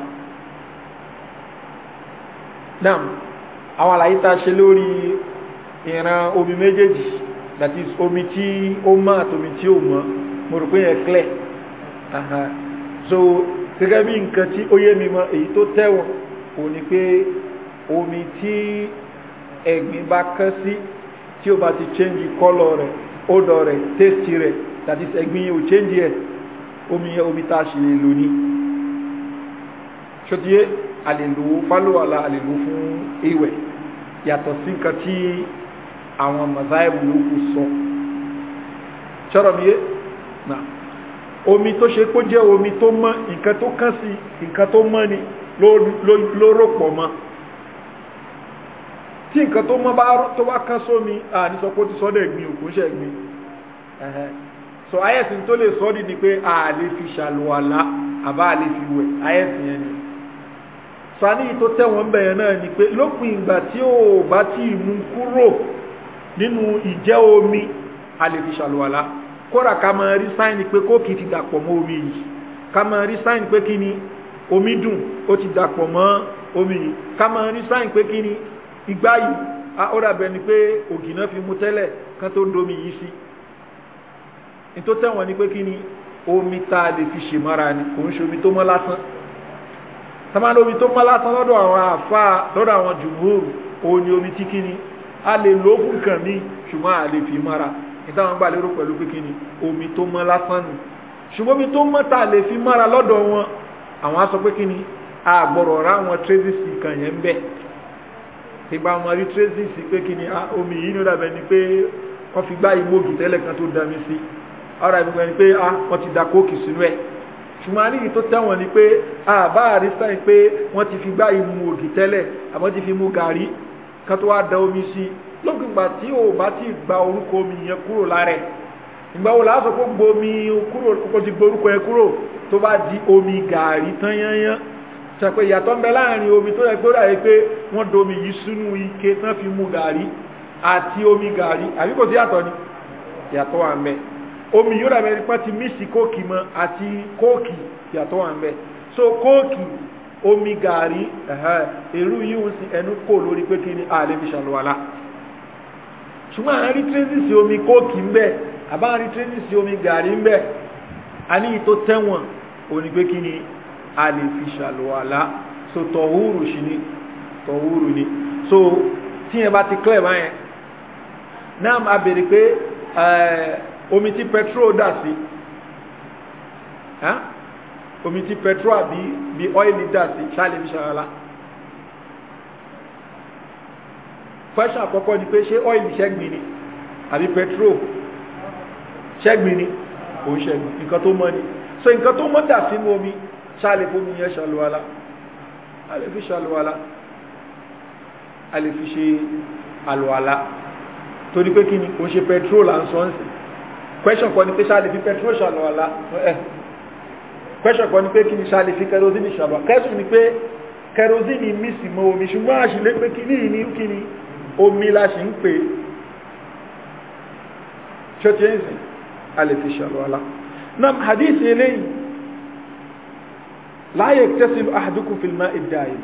نعم àwọn àlàyé tá a ṣe lórí ìran that is omi tí ó mọ́ àti omi tí so gẹ́gẹ́ bí nǹkan tí ó yé mi mọ́ èyí tó tẹ̀wọ̀n kò ní pé omi tí ẹ̀gbin bá kán sí tí ó bá ti change kọ́lọ̀ rẹ̀ odor rẹ̀ taste rẹ̀ that is ẹ̀gbin yẹn o change yẹ omi yẹn omi tá a ṣe lè lò ní ṣòtíyé àlèlò fálówàlà àlèlò fún ewẹ̀ yàtọ̀ sí nǹkan tí àwọn mọ̀záìbù ló kù sọ ṣọ́rọ̀ mi yé náà omi tó ṣe kó jẹ́ omi tó mọ́ nǹkan tó kàn sí nǹkan tó mọ́ ni ló rò pọ̀ mọ́ tí nǹkan tó mọ́ bá tó wá kán sómi àní sọ pé ó ti sọ́dọ̀ ẹ̀gbin òkú ń ṣẹ̀gbin so ayẹ́sìn tó lè sọ́ọ́dì ni pé a lè fi ṣàlùwàlá àbá a lè fi wẹ̀ ayẹ́sìn yẹn ni sani tó tẹ̀wọ̀n bẹ̀yẹn náà ni pé lópin ìgbà tí ó bá ti mú kúrò nínú ìjẹ́ omi a lè fi ṣàlùwàlá kódà ká máa rí sáìn pé kókì ti dàpọ̀ mọ́ omi yìí ká máa rí sáìn pé kí ni omi dùn ó ti dàpọ̀ mọ́ omi yìí ká máa rí sáìn pé kí ni ìgbà yìí a ó dàbẹ̀ ni pé ògì náà fi mu tẹ́lẹ̀ kan tó ń domi yìí sí ní tó tẹ̀wọ̀n ni pé kí ni omi tá a lè fi ṣe mọ́ra ni kò ń ṣe omi tó mọ́ lásán tamale omi tó mọ́ lásán lọ́dọ̀ àwọn àfa lọ́dọ̀ àwọn jùmúhùrù òun ni omi tí ni a lè lo fún kàn mí ṣùgbọ́n a lè fi mọ́ra ìtàwọn gbà lérò pẹ̀lú pé kí ni omi tó mọ́ lásán ni ṣùgbọ́n omi tó mọ́ tá lè fi mọ́ra lọ́dọ̀ wọn àwọn á sọ pé kí ni àgbọ̀rọ̀ ra àwọn tracy kan yẹn ń bẹ́ẹ̀ ìgbà àwọn rí tracing sí pé kí ni ah, omi yìí ní ó dàbẹ̀ ni pé wọ́n fi gbá igbó tẹ́lẹ̀ kan tó dami sí ọ̀rọ̀ ìgbìmọ̀ ni pé a ah, wọ́n ti da kóòkì sínú ẹ̀ ṣùgbọ́n àníyí tó tẹ̀wọ̀n ni pé ah, a bá àrísà yìí pé wọ́n ti fi gbá imú ògì tẹ́lẹ̀ àmọ́ ti fi mú gàrí kan tó wá da omi sí lókùngbà tí ò bá ti gba orúkọ omi yẹn kúrò lára ẹ̀ ìgbà wo làásọ̀ kó gbomi kúrò kó ti gborúkọ yẹn kúrò tó bá di omi gàrí tán yányán sẹ́pẹ́ ìyàtọ̀ ń bẹ láàrin omi tó yẹ pé pé wọ́n domi yìí sínú ike tán fi mu gàrí àti omi gàrí àbí kò sí yàtọ̀ ni yàtọ̀ wà ń bẹ omi yóò dàbí ẹni pé ti mísì kóòkì mọ àti kóòkì yàtọ̀ wà ń bẹ so kóòkì omi gàrí èrú yìí ń sin ẹnu kò lórí pé kí ni àlè fi ṣàlùwàlà ṣùgbọ́n àwọn rí omi kóòkì ń bẹ àbá rí omi gàrí ń bẹ a ní ìtò tẹ́wọ̀n òní pé kí ni a lè fi ṣàlùwàlá so tọ̀húrù sí ni tọ̀húrù ni so tí yẹn bá ti clear báyẹn náà a béèrè pé eh, omi tí petrol dà sí ah, omi tí petrol àbí bí ọ́ìlì dà sí ṣáà lè fi ṣàlùwàlá fẹ́ṣà àkọ́kọ́ ni pé ṣé ọ́ìlì ṣẹ́gbìn ni àbí petrol ṣẹ́gbìn ni òun ṣẹ́gbìn nǹkan tó mọ́ ni so nǹkan tó mọ́ dà sínú omi sáàlè fómi yẹn ṣàlùwàlá a lè fi ṣàlùwàlá a lè fi ṣe àlùwàlá torí pé kí ni kò ṣe petrol and sons question kan ni pé sáàlè fi petrol ṣàlùwàlá ẹ question kan ni pé kí ni sáàlè fi kerosene ṣàlùwàlá kẹsùn ni pé kerosene mí sì mọ omi ṣùgbọ́n àṣìlẹ́ pé kí ni ìní kí ni omi la ṣe ń pè ṣọ́tí ẹ̀sìn a láàyè tẹ́sílù àdúkù fìlmà ìdáyé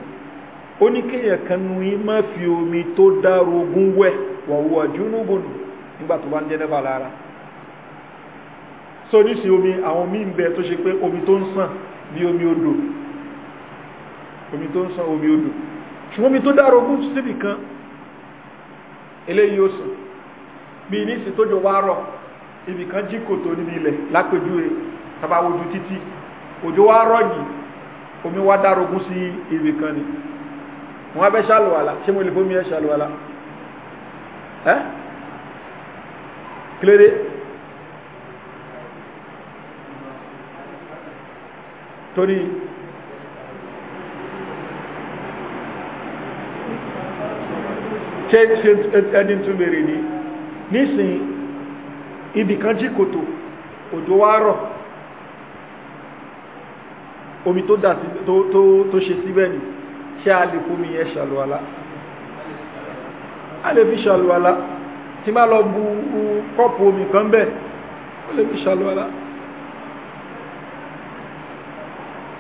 ó ní kéèyàn kan nu yín má fi omi tó dára ogún wẹ̀ wọ̀wọ̀ júnúbùn nígbà tó bá ń jẹ́nẹ́bà lára so níṣì omi àwọn míì ń bẹ tó ṣe pé omi tó ń sàn bí omi odò omi tó ń sàn omi odò ṣùgbọ́n omi tó dára ogún síbì kan eléyìí ó sùn bí níṣì tó jọ wá rọ̀ ibì kan jí kòtò níbi ilẹ̀ lápèjúwe tabawojú títí òjò wá rọ̀ yìí omi wá dárógún sí ibì kan ni wọ́n abẹ́ ṣàlùwàlà ṣé mo lè fómi ẹ̀ ṣàlùwàlà ẹ́ kílódé torí ṣe ẹni tún bèèrè ní nísìn ibì kan jí kòtò òjò wá rọ̀ omi tó dà sí tó tó tó ṣe síbẹ̀ ni ṣé a lè fomi yẹn ṣàlùwàlá a lè fi ṣàlùwàlá tí má lọ bu kọ́pù omi kan bẹ́ẹ̀ ó lè fi ṣàlùwàlá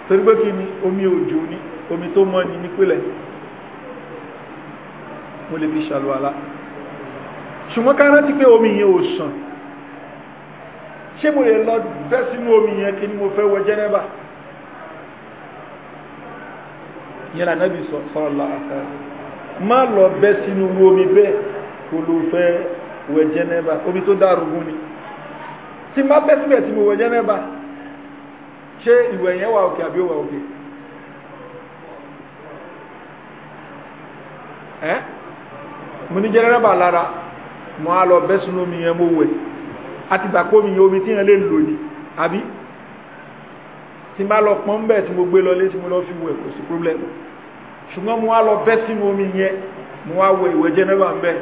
torí kí ni omi òjò ni omi tó mọ́ ni nípìnlẹ̀ mo lè fi ṣàlùwàlá ṣùgbọ́n ká rántí pé omi yẹn ò sàn ṣé mo lè lọ bẹ́ sínú omi yẹn kí ni mo fẹ́ wọ jẹ́nẹ́bà yẹn lànà bí sọ̀rọ̀lá àká má lọ bẹ́ sínú wo omi bẹ́ẹ̀ kò ló fẹ́ omi tó dárúgún ni tí má bẹ́ síbẹ̀ tí mo wẹ jẹ́nẹ́bà ṣé ìwẹ̀ yẹn wà òkè àbí ó wà òkè ẹ́ mo ní jẹ́nẹ́bà lára mo á lọ bẹ́ sínú omi yẹn mo wẹ̀ àtìgbà kó mi yẹn omi tí yẹn lè lò ní àbí tí n bá lọ pọ́n bẹ́ẹ̀ tí mo gbé lọ lé tí mo lọ fi wẹ̀ kò sí problem ṣùgbọ́n mo wá lọ bẹ́ sínú omi yẹn mo wá wẹ̀ ìwẹ̀ jẹ́nẹ́bà ń bẹ́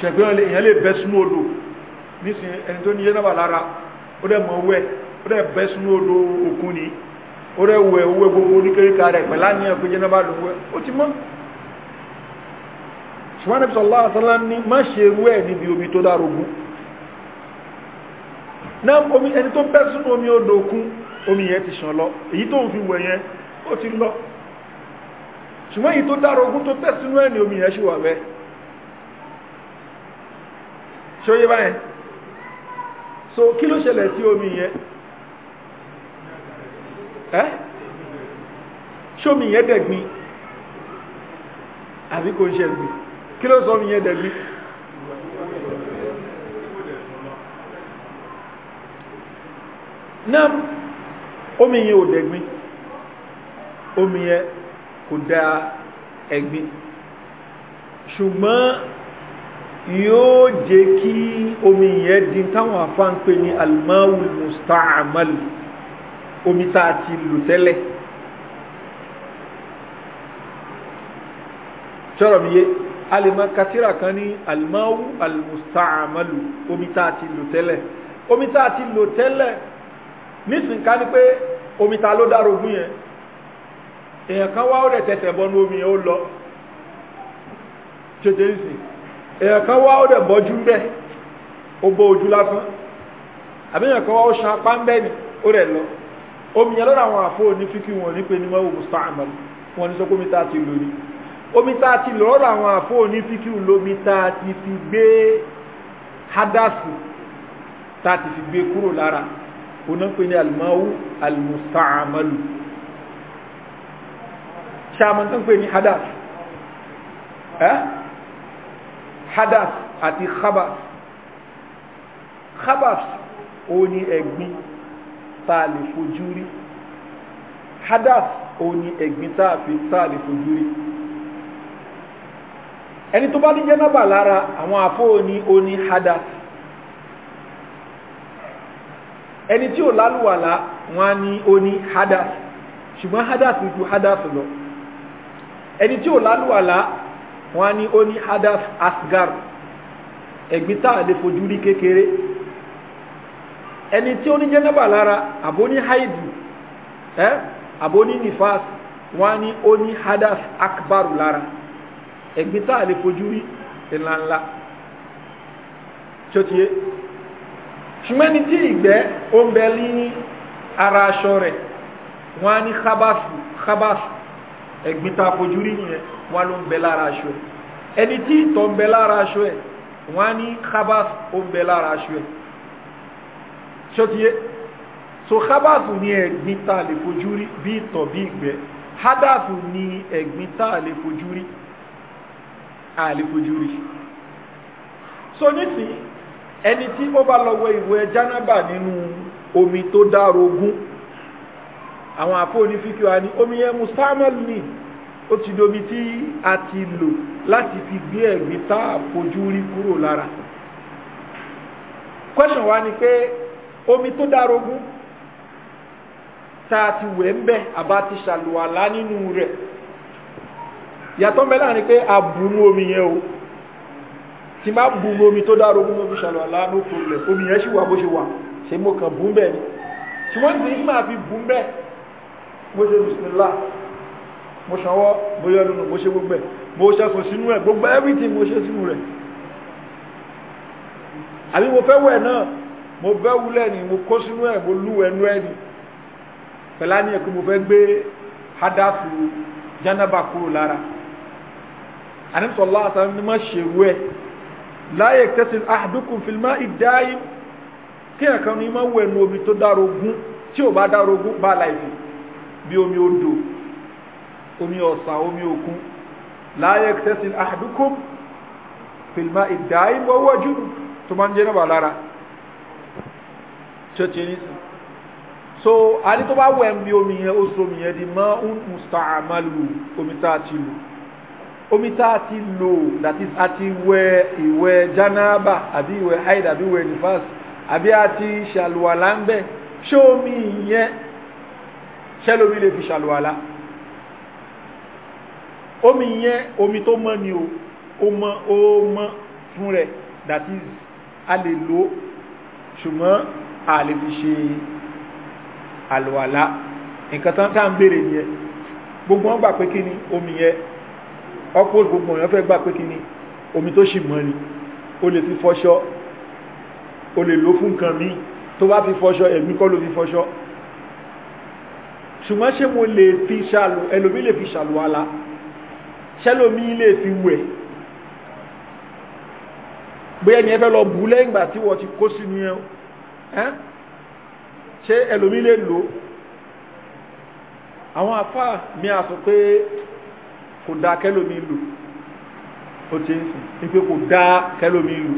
ṣẹ̀gbọ́n èèyàn lè bẹ́ sínú odò nísìnyí ẹni tó ní jẹ́nẹ́bà lára ó dẹ̀ mọ̀ wẹ̀ ó dẹ̀ bẹ́ sínú odò òkun ni ó dẹ̀ wẹ̀ owó gbogbo oníkéríkà rẹ̀ pẹ̀lá ní ẹ̀kọ́ jẹ́nẹ́bà ló wẹ̀ ó ti mọ́ ṣùgbọ́n ẹni tó bẹ́ sínú omi odò òkun omi yẹn ti ṣàn lọ èyí tó ń fi wẹ̀ yẹn ó ti lọ ṣùgbọ́n èyí tó dára ogún tó tẹ̀ sínú ẹ̀ ni omi yẹn ṣì wà bẹ́ẹ̀ ṣé ó yé báyẹn so kí ló ṣẹlẹ̀ sí omi yẹn ẹ́ ṣé omi yẹn dẹ̀gbin àbí kò ń ṣẹ̀gbin kí ló sọ omi yẹn dẹ̀gbin. náà omi yẹn ò dẹ̀gbin omi yẹn kò da ẹ̀gbin ṣùgbọ́n yóò jẹ́ kí omi yẹn di táwọn afá ń pè ní almawul musta'amal omi tá a ti lò tẹ́lẹ̀ sọ̀rọ̀ mi yé alima katira kan ní almawu almusta'amalu omi tá a ti lò tẹ́lẹ̀ omi tá a ti lò tẹ́lẹ̀ nísìn ká ní pé omi ta ló dára ogún yẹn èèyàn kan wá ó rẹ̀ tẹ̀sẹ̀ bọnú omi yẹn ó lọ tètè ń sìn èèyàn kan wá ó rẹ̀ bọ́jú bẹ́ẹ̀ ó bọ́ ojú lásán àbí èèyàn kan wá ó ṣan apá ń bẹ́ẹ̀ ni ó rẹ̀ lọ omi yẹn lọ́dọ̀ àwọn àfọ òní fíkì wọn ní pé ní wọ́n wò musta'mal wọn ní sọ pé omi ta ti lò ní omi ta ti lò lọ́dọ̀ àwọn àfọ òní fíkì lómi ta ti fi gbé hádàsì ta ti fi gbé kúrò lára oná pé ní almawu almusta'amalu ṣàmọ́ tó ń pè ní hadath eh? hadath àti khabath khabath ó ní ẹ̀gbin tá a lè fojú rí hadath ó ní ẹ̀gbin tá ẹni tó bá ní jẹ́nàbà lára àwọn àfọ́ òní òní hadath ẹni tí ò lálùwàlá wọn á ó ní hadas ṣùgbọ́n hadas ju hadas lọ ẹni tí ò lálùwàlá wọn á ní ó ní hadas asgar ẹ̀gbin tá a lè fojú rí kékeré ẹni tí ó ní jẹ́nẹ́bà lára àbó haidu ẹ́ àbó nifas wọn á ó ní hadas akbar lára ẹ̀gbin tá a lè fojú rí ńláńlá tí ó ti yé ṣùgbọ́n ní tí ìgbẹ́ ó ń bẹ ní ara aṣọ rẹ̀ wọ́n á ní kábàfù kábàfù ẹ̀gbin tá a fojú rí yẹn wọ́n ló ń bẹ lára aṣọ ẹ̀ ẹni tí ìtọ̀ ń bẹ lára aṣọ ẹ̀ wọ́n á ní kábàfù ó ń bẹ lára aṣọ ẹ̀ ṣọ́tiyé so kábàfù ní ẹ̀gbin tá a lè fojú rí bí ìtọ̀ bí ìgbẹ́ hádàfù ní ẹ̀gbin tá a lè fojú rí a lè fojú rí so nísìnyí ẹni tí ó bá lọ wẹ ìwẹ̀ jánábà nínú omi tó dárogún àwọn àpò onífíkì wa omi yẹn mu sámẹ́lì ó ti domi tí a ti lò láti fi gbé ẹ̀gbẹ́ tá a fojú rí kúrò lára question wa ni pé omi tó dárogún tá a ti wẹ̀ ń bẹ̀ àbá ti ṣàlùwàlá nínú rẹ̀ yàtọ̀ mẹ́lá ni pé a bù omi yẹn o. tí má bu omi tó dára omi mo fi ṣàlùwàlá ló tó lẹ̀ omi yẹn sì wà bó ṣe wà ṣe mo kàn bú bẹ́ẹ̀ ni tí wọ́n ti máa fi bú bẹ́ẹ̀ mo ṣe bisimilá mo ṣanwọ́ mo yọ nínú mo ṣe gbogbo ẹ̀ mo ṣẹ̀sùn sínú ẹ̀ gbogbo everything mo ṣe sínú rẹ̀ àbí mo fẹ́ wẹ̀ náà mo bẹ́ wulẹ̀ ni mo kó sínú ẹ̀ mo lú ẹnu ẹ̀ ni pẹ̀lá ní ẹ̀kú mo fẹ́ gbé hadafu janaba kúrò lára àníṣọ́lá àtàwọn ní má ṣerú ẹ̀ láyé tẹ́sí àdúkùn fìlmá ìdáyé kí ẹ̀kan ní máa wẹ̀nu omi tó dárogún tí ò bá dárogún bá láìsí bí omi odò omi ọ̀sà omi òkun láyé tẹ́sí àdúkùn fìlmá ìdáyé wọ́wọ́jú tó máa ń jẹ́ lára ṣọ́ọ̀tì ní sùn so àní tó bá wẹ̀ ń bí omi yẹn ó so omi yẹn di mọ́ ń mùsàmálu omi tá a ti lù omi tá a ti lò dàtí a ti wẹ ìwẹ̀ jánáàbà àbí ìwẹ̀ haid àbí ìwẹ̀ nifas àbí a ti ṣàlùwàlá ń bẹ̀ ṣé omi ìyẹn ṣẹlómi lè fi ṣàlùwàlá omi ìyẹn omi tó mọ́ ni o ó mọ́ ó mọ́ fún rẹ̀ dàtí a lè lò ṣùgbọ́n a lè fi ṣe àlùwàlá nǹkan tán tá ń béèrè nìyẹn gbogbo wọn gbà pé kí ni omi yẹn ọ̀pọ̀ gbogbo èèyàn fẹ́ gbà pé kí ni omi tó ṣì mọ́ ni o lè fi fọṣọ o lè lò fún nǹkan míì tó bá fi fọṣọ ẹ̀mí kọ́ ló fi fọṣọ ṣùgbọ́n ṣé mo lè fi ṣàlù ẹlòmí lè fi ṣàlù ala ṣẹlòmí lè fi wẹ̀ bóyá ni ẹ fẹ́ lọ bù lẹ́yìn ìgbà tí wọ́n ti kó sínú ẹ àwọn àfáà mi à pé kò dá kẹlòmí lò ó ti ń sìn pé kò dá kẹlòmí lò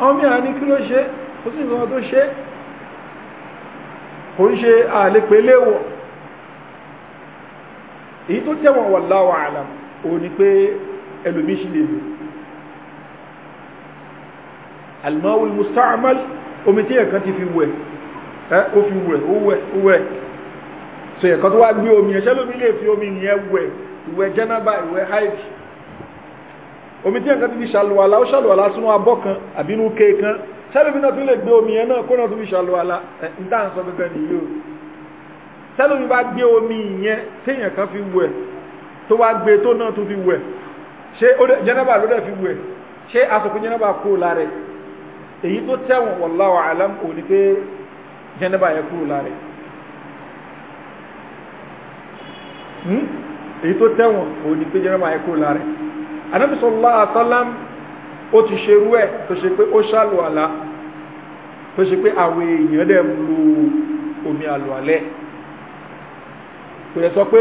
àwọn mìíràn ní kí ló ṣe ó sì nǹkan tó ṣe kò ń ṣe àlepẹ̀lẹ́wọ̀ èyí tó jẹ́wọ̀n wallahu a'lam òun ni pé ẹlòmí ṣì lè lò almawul musta'mal omi tí ẹ̀kan ti fi wẹ̀ ẹ́ ó fi wẹ̀ ó wẹ̀ ó wẹ̀ so ẹ̀kan tó wá gbé omi ẹ̀ṣẹ́ lómi lè fi omi yẹn wẹ̀ ìwẹ̀ jẹ́nàbà ìwẹ̀ haid omi tí ti fi ṣàlùwàlá ó ṣàlùwàlá sínú abọ́ kan àbí kan sẹ́lẹ̀bí náà tún lè gbé omi yẹn náà kó náà tún fi ṣàlùwàlá níta ń sọ pẹ́pẹ́ nìyí o sẹ́lẹ̀bí bá gbé omi yẹn téèyàn kan fi wẹ̀ tó wá gbé tó náà tún fi wẹ̀ ṣé jẹ́nàbà ló fi wẹ̀ ṣé lára èyí tó òní pé lára èyí tó tẹ̀wọ̀n ò ní pé jẹ́rẹ́mà ẹ̀kú lára anábì sallallahu alaihi ó ti ṣe rú ẹ̀ tó ṣe pé ó ṣàlù àlá tó ṣe pé àwọn èèyàn dẹ̀ ń lo omi àlù àlẹ́ kò yẹ sọ pé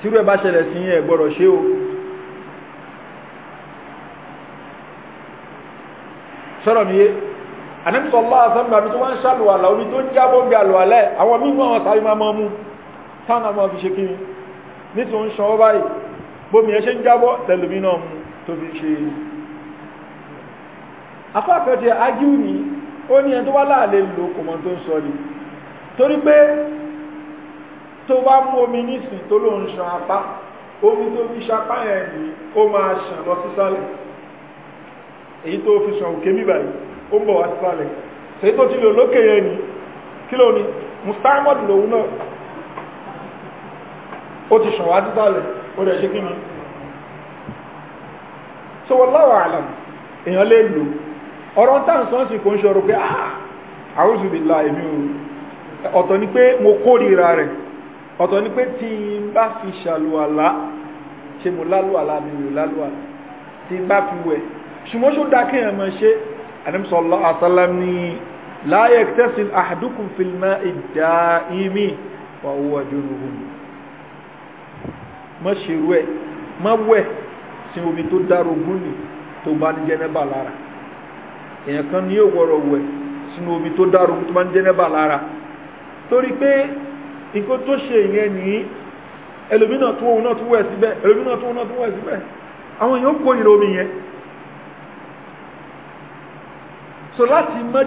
tírú ẹ̀ bá ṣẹlẹ̀ sí ẹ̀ gbọ́dọ̀ ṣe o sọ̀rọ̀ mi yé anabi sọ lọ́wọ́ sọ́nà àbí tó wá ń ṣàlù àlà omi tó ń jábọ́ bí àlù àlẹ́ àwọn mímú àwọn sáré máa mọ́ mú táwọn àmọ́ fi ṣe kí ní tí ó ń ṣanwọ́ báyìí bómi ẹ ṣe ń jábọ́ lẹ́lùmí náà mú tó fi ṣe afáfẹ́jẹ agíù ní ó ní ẹ tó wá láàlè lò kò mọ́ tó ń sọ ni torí pé tó bá mú omi nísìn tó ló ń ṣan apá omi tó fi ṣapá yẹn ni ó máa ṣàn lọ sísàlẹ̀ èyí tó fi ṣàn òkè bíbáyìí ó ń bọ̀ wá sísàlẹ̀ èyí tó ti lò lókè yẹn ni kí ló ní lòun náà ó ti ṣàn wá dídálẹ̀ ó rẹ̀ ṣe kí ni so wallahu alam èèyàn lè lò ọ̀rọ̀ táǹsán sì kò ń ṣọ̀rọ̀ pé ah, a'udhu billahi èmi ò ọ̀tọ̀ ni pé mo kórìíra rẹ̀ ọ̀tọ̀ ni pé tí n bá fi ṣàlùwàlá ṣe mo lálùwàlá mi ò lálùwàlá tí n má ṣerú ẹ̀ má wẹ̀ sin omi tó dára ogún nì tó bá ní lára èèyàn kan ní òwòrọ̀ wẹ̀ sínú omi tó dára ogún tó bá ní jẹ́nẹ́bà lára torí pé ìkó tó ṣe ìyẹn ní ẹlòmínà tó òun náà tó wẹ̀ síbẹ̀ ẹlòmínà tó òun náà tó àwọn èèyàn omi yẹn so láti má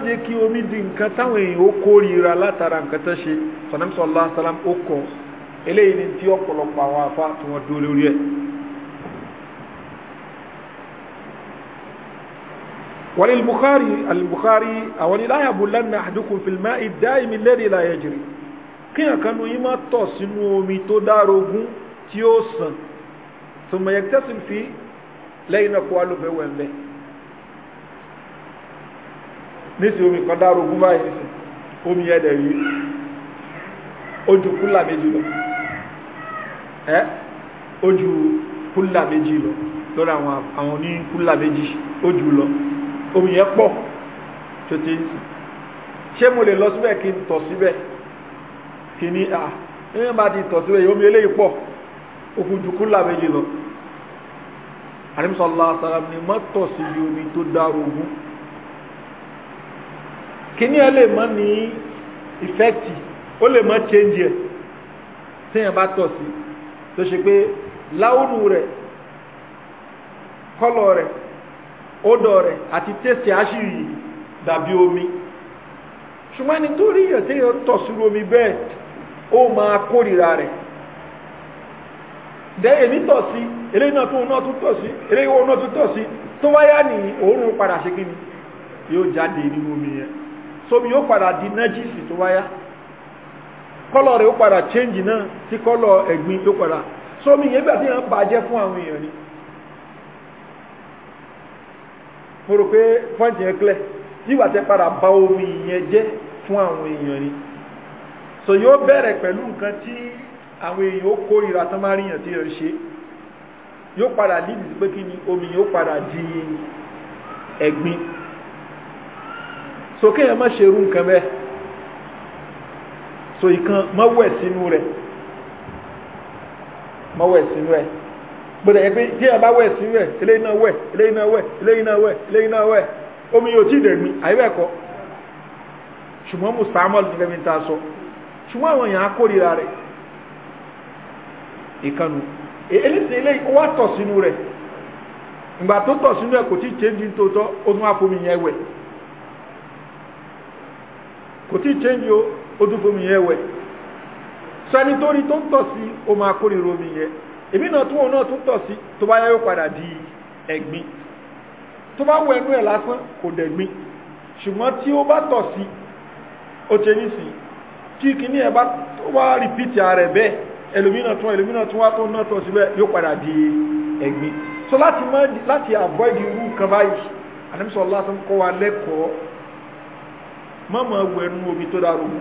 omi di nǹkan táwọn èèyàn ó kórìíra látara nǹkan tó ṣe ó eléyìí ni tí ọ̀pọ̀lọpọ̀ àwọn afá tí wọ́n dúró lórí ẹ̀ wàlí al-Bukhari al-Bukhari àwọn la yabullanna ahadukum fil ma'i ad-da'imi alladhi la yajri kí nǹkan nu yìí máa tọ̀ sínú omi tó dárogún tí ó sàn thumma yaktasil fi lẹ́yìn náà kó wá ló wẹ̀ ń bẹ́ nísìnyí omi kan dárogún báyìí omi ẹ̀dẹ̀ yìí ó ju kúlà méjì lọ ẹ́ ojú kúlà méjì lọ lọ́dọ̀ àwọn àwọn ní kúlà méjì ojú lọ omi yẹn pọ̀ tó ti ń sìn ṣé mo lè lọ síbẹ̀ kí n tọ̀ síbẹ̀ kí ni à ẹ̀yìn bá ti tọ̀ síbẹ̀ omi eléyìí pọ̀ ojú kúlà méjì lọ àrímsọ̀lá sàrám ni má tọ̀ sí ibi omi tó dára ogún kíní ẹ lè mọ́ ní ìfẹ́ẹ̀tì ó lè mọ́ change ẹ̀ tí èèyàn bá tọ̀ sí i tó ṣe pé láwùrù rẹ̀ kọ́lọ̀ rẹ̀ ódọ̀ rẹ̀ àti tẹ́sì àṣírí dàbí omi ṣùgbọ́n ni tó rí ètè tọ̀sùrù omi bẹ́ẹ̀ ó máa kórìíra rẹ̀ dẹ́ èmi tọ̀ sí eléyìí náà tún tọ̀ sí tó wáyá ní òórùn padà ṣe kí ni yóò jáde nínú omi yẹn sómi yóò padà di nájìsì tó wáyá kọ́lọ̀ rẹ̀ ó padà change náà tí kọ́lọ̀ ẹ̀gbin tó padà sómi yẹn gbà tí yẹn ń bàjẹ́ fún àwọn èèyàn ni mo rò pé pọ́ǹtì yẹn clear nígbà tẹ padà bà omi yẹn jẹ́ fún àwọn èèyàn ni so yóò bẹ̀rẹ̀ pẹ̀lú nǹkan tí àwọn èèyàn ó kó ìra tán máa ríyàn tí yẹn ṣe yóò padà lídì sí pé kí ni omi yóò padà di ẹ̀gbin so kéèyàn má ṣerú nǹkan bẹ́ẹ̀ so ìkan mọ́wẹ̀ sínú rẹ̀ mọ́wẹ̀ sínú rẹ̀ gbọ́dọ̀ yẹ pé díẹ̀ bá wẹ̀ sínú rẹ̀ eléyìí náà wẹ̀ eléyìí náà wẹ̀ eléyìí náà eléyìí náà omi yóò tí mi dẹ̀ gbin àyíbẹ̀kọ́ ṣùgbọ́n mùsàmọ́lù ní kẹ́mi ta sọ ṣùgbọ́n àwọn èèyàn akórira rẹ̀ ìkànnù e, eléyìí eléyìí wá tọ̀ ìgbà tó tọ̀ kò tí change ní tòótọ́ yẹn ó dún fún mi yẹn wẹ̀ sani tó rí tó ń tọ̀ sí ó máa kórìíra omi yẹn èmi náà tó wọn náà tó ń tọ̀ sí tó bá yẹ yóò padà di ẹ̀gbin tó bá wọ ẹnu ẹ̀ lásán kò dẹ̀gbin ṣùgbọ́n tí ó bá tọ̀ sí ó ṣe nísìn tí kìíní ẹ̀ bá tó bá rìpítì ààrẹ bẹ́ẹ̀ ẹlòmínà tún ẹlòmínà tún wá tó náà tọ̀ síbẹ̀ yóò padà di ẹ̀gbin so láti má láti avoid irú nǹkan báyìí àdàmísọ̀ lásán kọ́ wa lẹ́kọ̀ọ́ mọ́mọ́ wẹ̀nu omi tó dára omi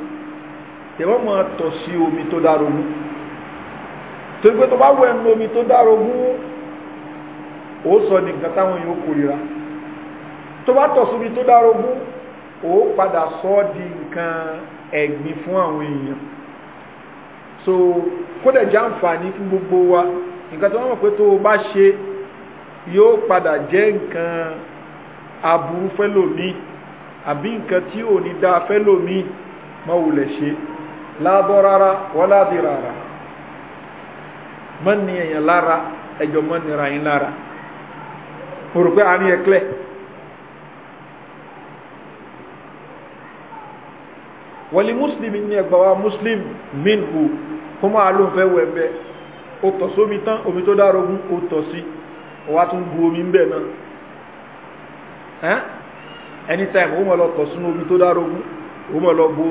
tẹ̀wọ́n mọ̀ tọ̀ sí omi tó dárogún torí pé tó bá wẹ̀ ní omi tó dárogún ó sọ ní nǹkan táwọn yóò kórira tó bá tọ̀ síbi tó dárogún ó padà sọ ọ́ di nǹkan ẹ̀gbin fún àwọn èèyàn so kódẹ̀ jẹ́ àǹfààní fún gbogbo wa nǹkan tó wọ́n mọ̀ pé tó o bá ṣe yóò padà jẹ́ nǹkan aburú fẹ́lòmíì àbí nǹkan tí ò ní dáa fẹ́lòmíì mọ́ wulẹ̀ ṣe la darara wala dirara man ni yẹn lára ẹjọ man nira yín lára pòròpé àní yẹn kílẹ̀ wali muslim ní ẹgbà wa muslim minhu kó máa ló ń fẹ́ wẹ̀ bẹ́ẹ̀ o tọ̀ sómi tán omi tó dárógún o tọ̀ sí o wá tún bu omi ń bẹ̀ náà anytime o mọ̀ lọ tọ̀ sínú omi tó dárógún ó mọ̀ lọ bó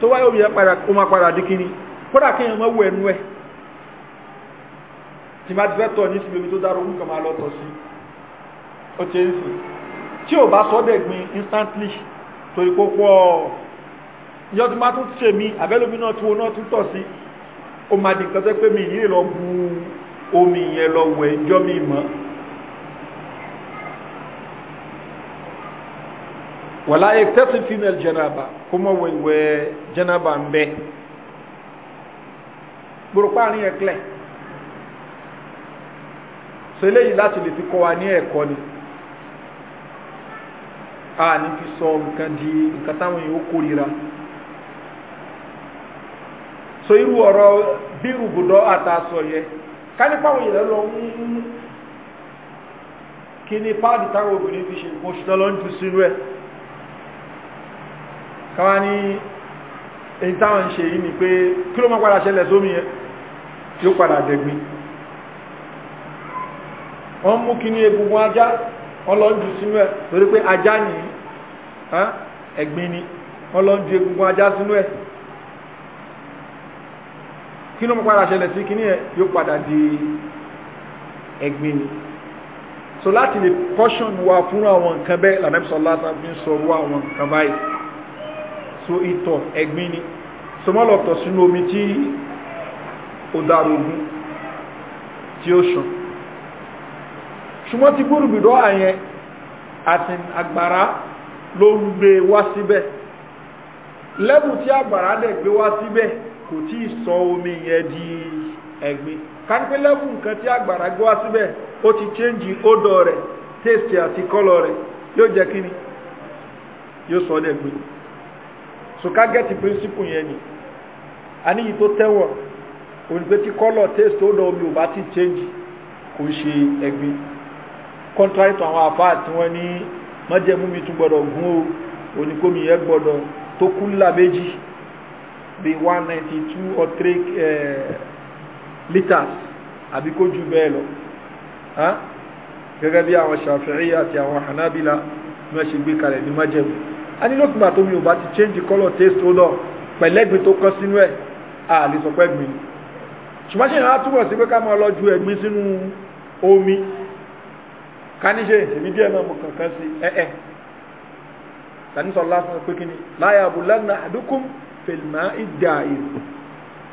tó wáyé omi yẹn padà ó máa padà dín kíní kódà kí èèyàn mọ̀ wọ ẹnu ẹ̀ tí má ti fẹ́ tọ̀ ní síbi omi tó dára omi kan máa lọ tọ̀ sí ó ti ń sìn tí ò bá sọ́dẹ̀ gbin instantly torí kó pọ̀ ìyọ́ tí má tún ṣe mí àbẹ́lómi náà tún náà tún tọ̀ sí ó máa di nǹkan tẹ́ pé mi ìyílẹ̀ lọ bu omi yẹn lọ wẹ̀ ìjọ́ mi mọ́ wala yaktasil fi janaba kuma wẹ̀wẹ̀ janaba ń bẹ gbòròpá àrin ẹ̀klẹ̀ so eléyìí fi kowa ni eko ni a ní fi sọ nǹkan di nǹkan táwọn so irú ọ̀rọ̀ bi bùdọ́ àtàsọ yẹ ká nípa àwọn lọ ń kí táwọn obìnrin fi ṣe oṣù tó lọ ń ju sínú káwá ní èyí táwọn ṣe yìí ni pé kí ló mọ́ padà ṣẹlẹ̀ sómi yẹn tí ó padà dẹ̀gbin wọ́n mú kí ní egungun ajá wọ́n lọ ń ju sínú ẹ̀ torí pé ajá ní ẹ̀gbin ni wọ́n lọ ń ju egungun ajá sínú ẹ̀ kí ló mọ́ padà ṣẹlẹ̀ sí kí ní ẹ̀ yóò padà di ẹ̀gbin ni so láti lè portion wa fún àwọn nǹkan bẹ́ẹ̀ lànà ìsọ̀lá sáà àwọn nǹkan báyìí so ìtọ̀ egbe ni so mọ́ lọ sínú omi tí ó tí ó ṣàn ṣùgbọ́n ti gbúrùgbùdọ́ àyẹn àti àgbàrá ló ń gbé wá síbẹ̀ lẹ́bù tí àgbàrá dẹ̀ gbé wá síbẹ̀ kò tí ì sọ omi yẹn di egbe. kánípé lẹ́bù nǹkan tí àgbàrá gbé wá síbẹ̀ ó ti chéńjì ódò rẹ̀ tèsì àti kọ́lọ̀ rẹ̀ yóò jẹ́ kíni yóò sọ ọ́ dẹ̀ so ká gẹ́tì principle yẹn ni àníyí tó tẹ́wọ̀n òyìnbó tí kọ́lọ̀ taste tó lọ omi ò bá ti change kò ṣe ẹ̀gbin contrary to àwọn àfáà tí wọ́n ní mọ́jẹ̀mú mi tún gbọ́dọ̀ gún o oníkómi yẹn gbọ́dọ̀ tó kú ńlá méjì bí one ninety two or three eh, litres àbí kó ju bẹ́ẹ̀ lọ gẹ́gẹ́ bí àwọn Shafi'i àti àwọn Hanabila wọ́n ṣe gbé kalẹ̀ ní mọ́jẹ̀mú a ní lókùnmá tó mi ò bá ti change color, taste odor pẹ̀lẹ́gbin tó kọ́ sínú ẹ̀ a lè sọ pé gbin ṣùgbọ́n ṣe ìrànlá túbọ̀ sí pé ká máa lọ ju ẹ̀gbin sínú omi ká ní ṣe ìṣèlú díẹ̀ náà mo kàn kàn sí ẹ̀ẹ́ tanisọ̀lá fún pé kí ni láyà àbúlánà àdúkùn fèlìmá ìdá ìlú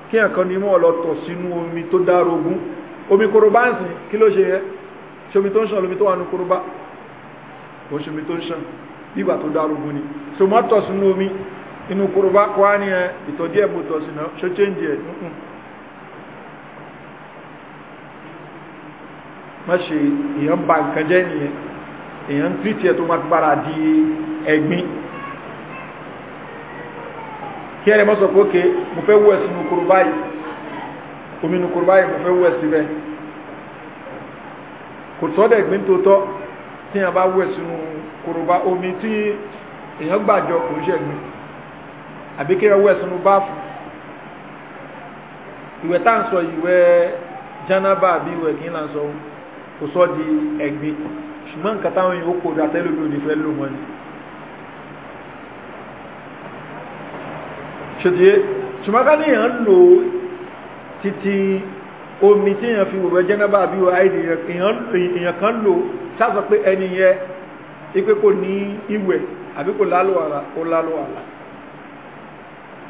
kí ẹ̀kan ní mọ́ ọlọ́tọ̀ sínú omi tó dárógún omi korobá ń sìn kí ló ṣe yẹ ṣomi tó ń ṣàn lómi tó wà ní korobá òun ṣomi tó ń ṣàn nígbà tó dárúgbó ni so mọ́ tọ̀ sínú omi inú korobá kọ́ á ní ẹ ìtọ́jú ẹ̀ mo tọ̀ sínú ṣó chéǹjì ẹ̀ nùkùn má ṣe èèyàn ba nǹkan jẹ́ nìyẹn èèyàn tírìtì ẹ̀ tó má gbára di ẹ̀gbin kí ẹ̀rẹ̀ mọ́sọ̀ pé ókè mo fẹ́ wọ́ ẹ̀sìn nukuru báyìí omi nukuru báyìí mo fẹ́ wọ́ ẹ̀sìn bẹ́ẹ̀ kò sọ́dọ̀ ẹ̀gbin tó tọ́ tí a bá wọ́ ẹ̀sìn nukuru kòròbá omi tí èèyàn gbàjọ kò ń ṣẹ̀gbìn àbí kí ẹwọ́ ẹ̀sùn báàfù ìwẹ̀ tá ń sọ ìwẹ̀ jánábà àbí ìwẹ̀ kí n là ń sọ kò sọ di ẹ̀gbin ṣùgbọ́n nǹkan táwọn èèyàn ó kò dà tẹ́lómi òní fẹ́ lò wọ́n ni ṣètìyé ṣùgbọ́n ká ní lò títí omi tí èèyàn fi wẹ̀ jánábà àbí ìwẹ̀ àìdè èèyàn kan lò sáà sọ pé ẹni yẹn ipe iwe, ní ìwẹ̀ àbí kò lálùwàlà kò lálùwàlà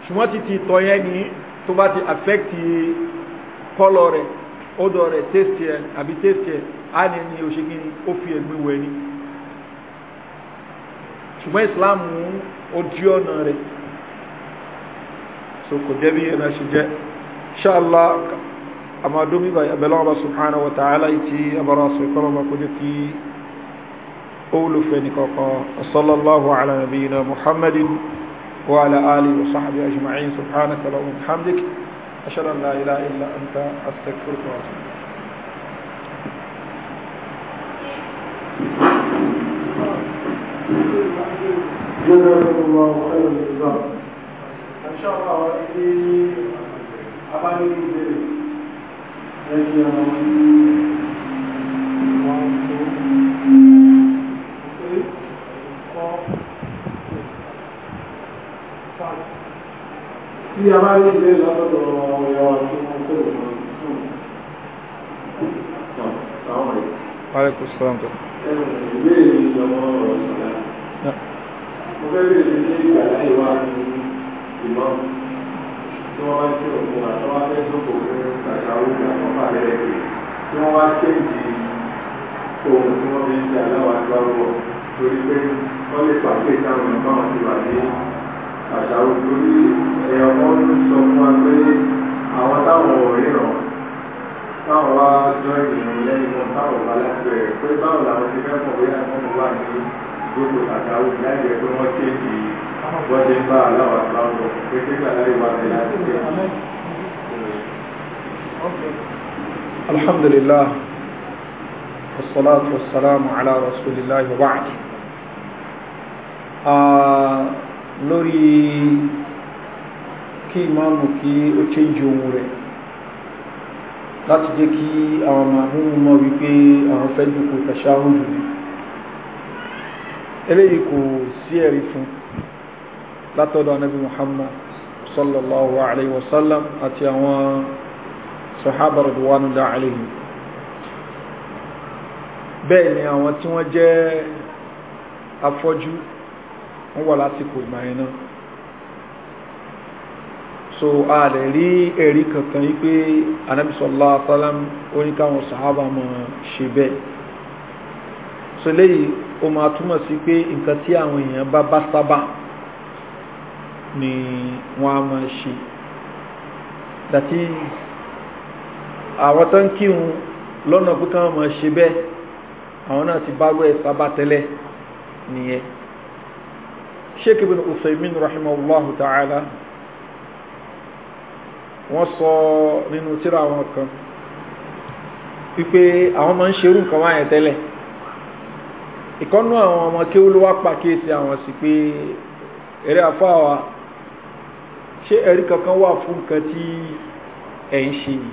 ṣùgbọ́n ti ti ìtọ̀ yẹn ní tó bá ti affect kọ́lọ̀ rẹ̀ ọdọ̀ rẹ̀ taste ẹ̀ àbí taste ẹ̀ á ní ní òṣèké ni ó fi ẹ̀gbin wẹ̀ ni ṣùgbọ́n Islam mú ojú ọ̀nà rẹ̀ so kò jẹ́ bí ẹ̀rọ ṣe jẹ́ ṣáàlá àmàdómìbà ìbẹ̀lọ́wọ́ subhanahu wa ta'ala ìtì àbára sọ̀kọ́lọ́mà kó jẹ́ kí قول فنك صلى الله على نبينا محمد وعلى آله وصحبه أجمعين سبحانك اللهم وبحمدك أشهد أن لا إله إلا أنت أستغفرك وأتوب جزاكم الله خيرا الجزاء ان شاء الله في اباني tí a bá rí ìgbé lọ́pọ̀tọ̀ ọ̀rọ̀ Aleykum salaam tó. Ìgbé ìlú ọmọ ọ̀rọ̀ ṣìdá. Mo fẹ́ bèèrè ní ìgbà láì wá ní ìmọ̀ tí wọ́n wá sí òkun àtọ́wá fẹ́ tó kò fún kàkàwé àwọn pàdé ẹ̀kẹ́ tí wọ́n wá kéèjì ohun tí wọ́n fi ń ṣe aláwàá gbárùwọ̀ torí pé wọ́n lè pàṣẹ ìtàwọn ìbáwọn ti wà ní àṣà òkú ní ọmọ ń sọ fún wa pé àwọn táwọn òríran táwọn wá jọ ìrìn lẹ́yìn wọn táwọn wà lábẹ́ pé báwo làwọn ti fẹ́ mọ̀ bóyá wọn wà ní gbogbo àṣà láì jẹ́ pé wọ́n kéèkì wọ́n ti ń bá aláwọ̀ àbáwọ̀ pé kéèkà láì wà ní láti kéèkì. الحمد لله والصلاة والسلام على رسول الله وبعد lórí kí ìmáàmù kí ó change ohun rẹ̀ láti jẹ́ kí àwọn màmúmú mọ́ wípé àwọn fẹ́ dùkú tàṣáhùdù ni eléyìí kò sí ẹ̀rí fún látọ̀dọ̀ anábì muhammad sallallahu alayhi wa sallam àti àwọn sahaba radwanullahi alayhim bẹ́ẹ̀ ni àwọn tí wọ́n jẹ́ afọ́jú wọ́n wà lásìkò ìgbà yẹn náà so a lè rí ẹ̀rí kankan yí pé Ànábì sallallahu alaihi wasallam ó ní káwọn sàhábà máa ṣe bẹ́ẹ̀ so léyìí ó máa túmọ̀ sí pé nǹkan tí àwọn èèyàn bá bá sábà ni wọ́n á máa ṣe that is àwọn tó ń kírun lọ́nà pé káwọn máa ṣe bẹ́ẹ̀ àwọn náà ti bá wẹ̀ sábà tẹ́lẹ̀ nìyẹn sheikh ibn usaimin rahimahullahu ta'ala wọ́n sọ nínú tíra wọn kan wípé àwọn máa ń ṣerú nǹkan wáyẹn tẹ́lẹ̀ ìkọ́nú àwọn ọmọ kí ó ló wá pàkíyèsí àwọn sí pé eré àfáàwà ṣé ẹ̀rí kankan wà fún nǹkan tí ẹ̀ ń ṣe yìí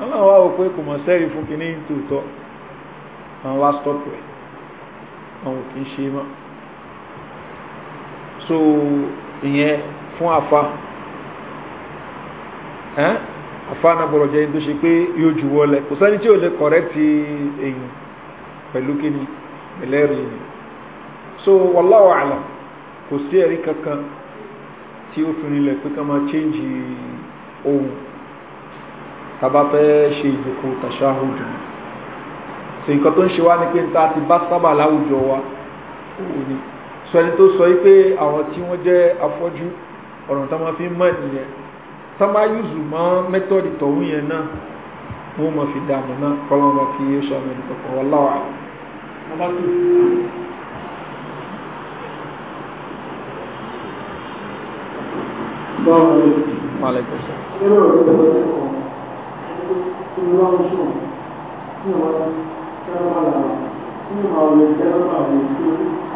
àwọn àwọn àwọn pé kò mọ̀ sẹ́rí fún kìíní tòótọ́ àwọn wá stọ́pù ẹ̀ àwọn kì í ṣe mọ́ so ìyẹn fún àfa afa náà gbọ́dọ̀ jẹ́ tó ṣe pé yóò jù wọlé kò sẹ́ni tí ò lè kọ̀rẹ́tì èyí pẹ̀lú kí ni ẹlẹ́rìí ni so wallahu a'lam kò sí ẹ̀rí kankan tí ó fi rinlẹ̀ pé ká máa chéǹjì ohun tàbá fẹ́ ṣe ìdòkò tàṣáhùdù so nǹkan tó ń ṣe wá ni pé níta ti bá sábà láwùjọ wa òun ni sọ ẹni tó sọ wípé àwọn tí wọ́n jẹ́ afọ́jú ọ̀rọ̀ tó máa fi mọ̀ nìyẹn tó máa yùzù mọ́ mẹ́tọ́dì tọ̀hún yẹn náà wọ́n mọ̀ fi dààmú náà kọ́lọ́ wọn fi yé sọ ẹni tó kọ̀ wọ́n láwà. Wàlẹ́kùn sọ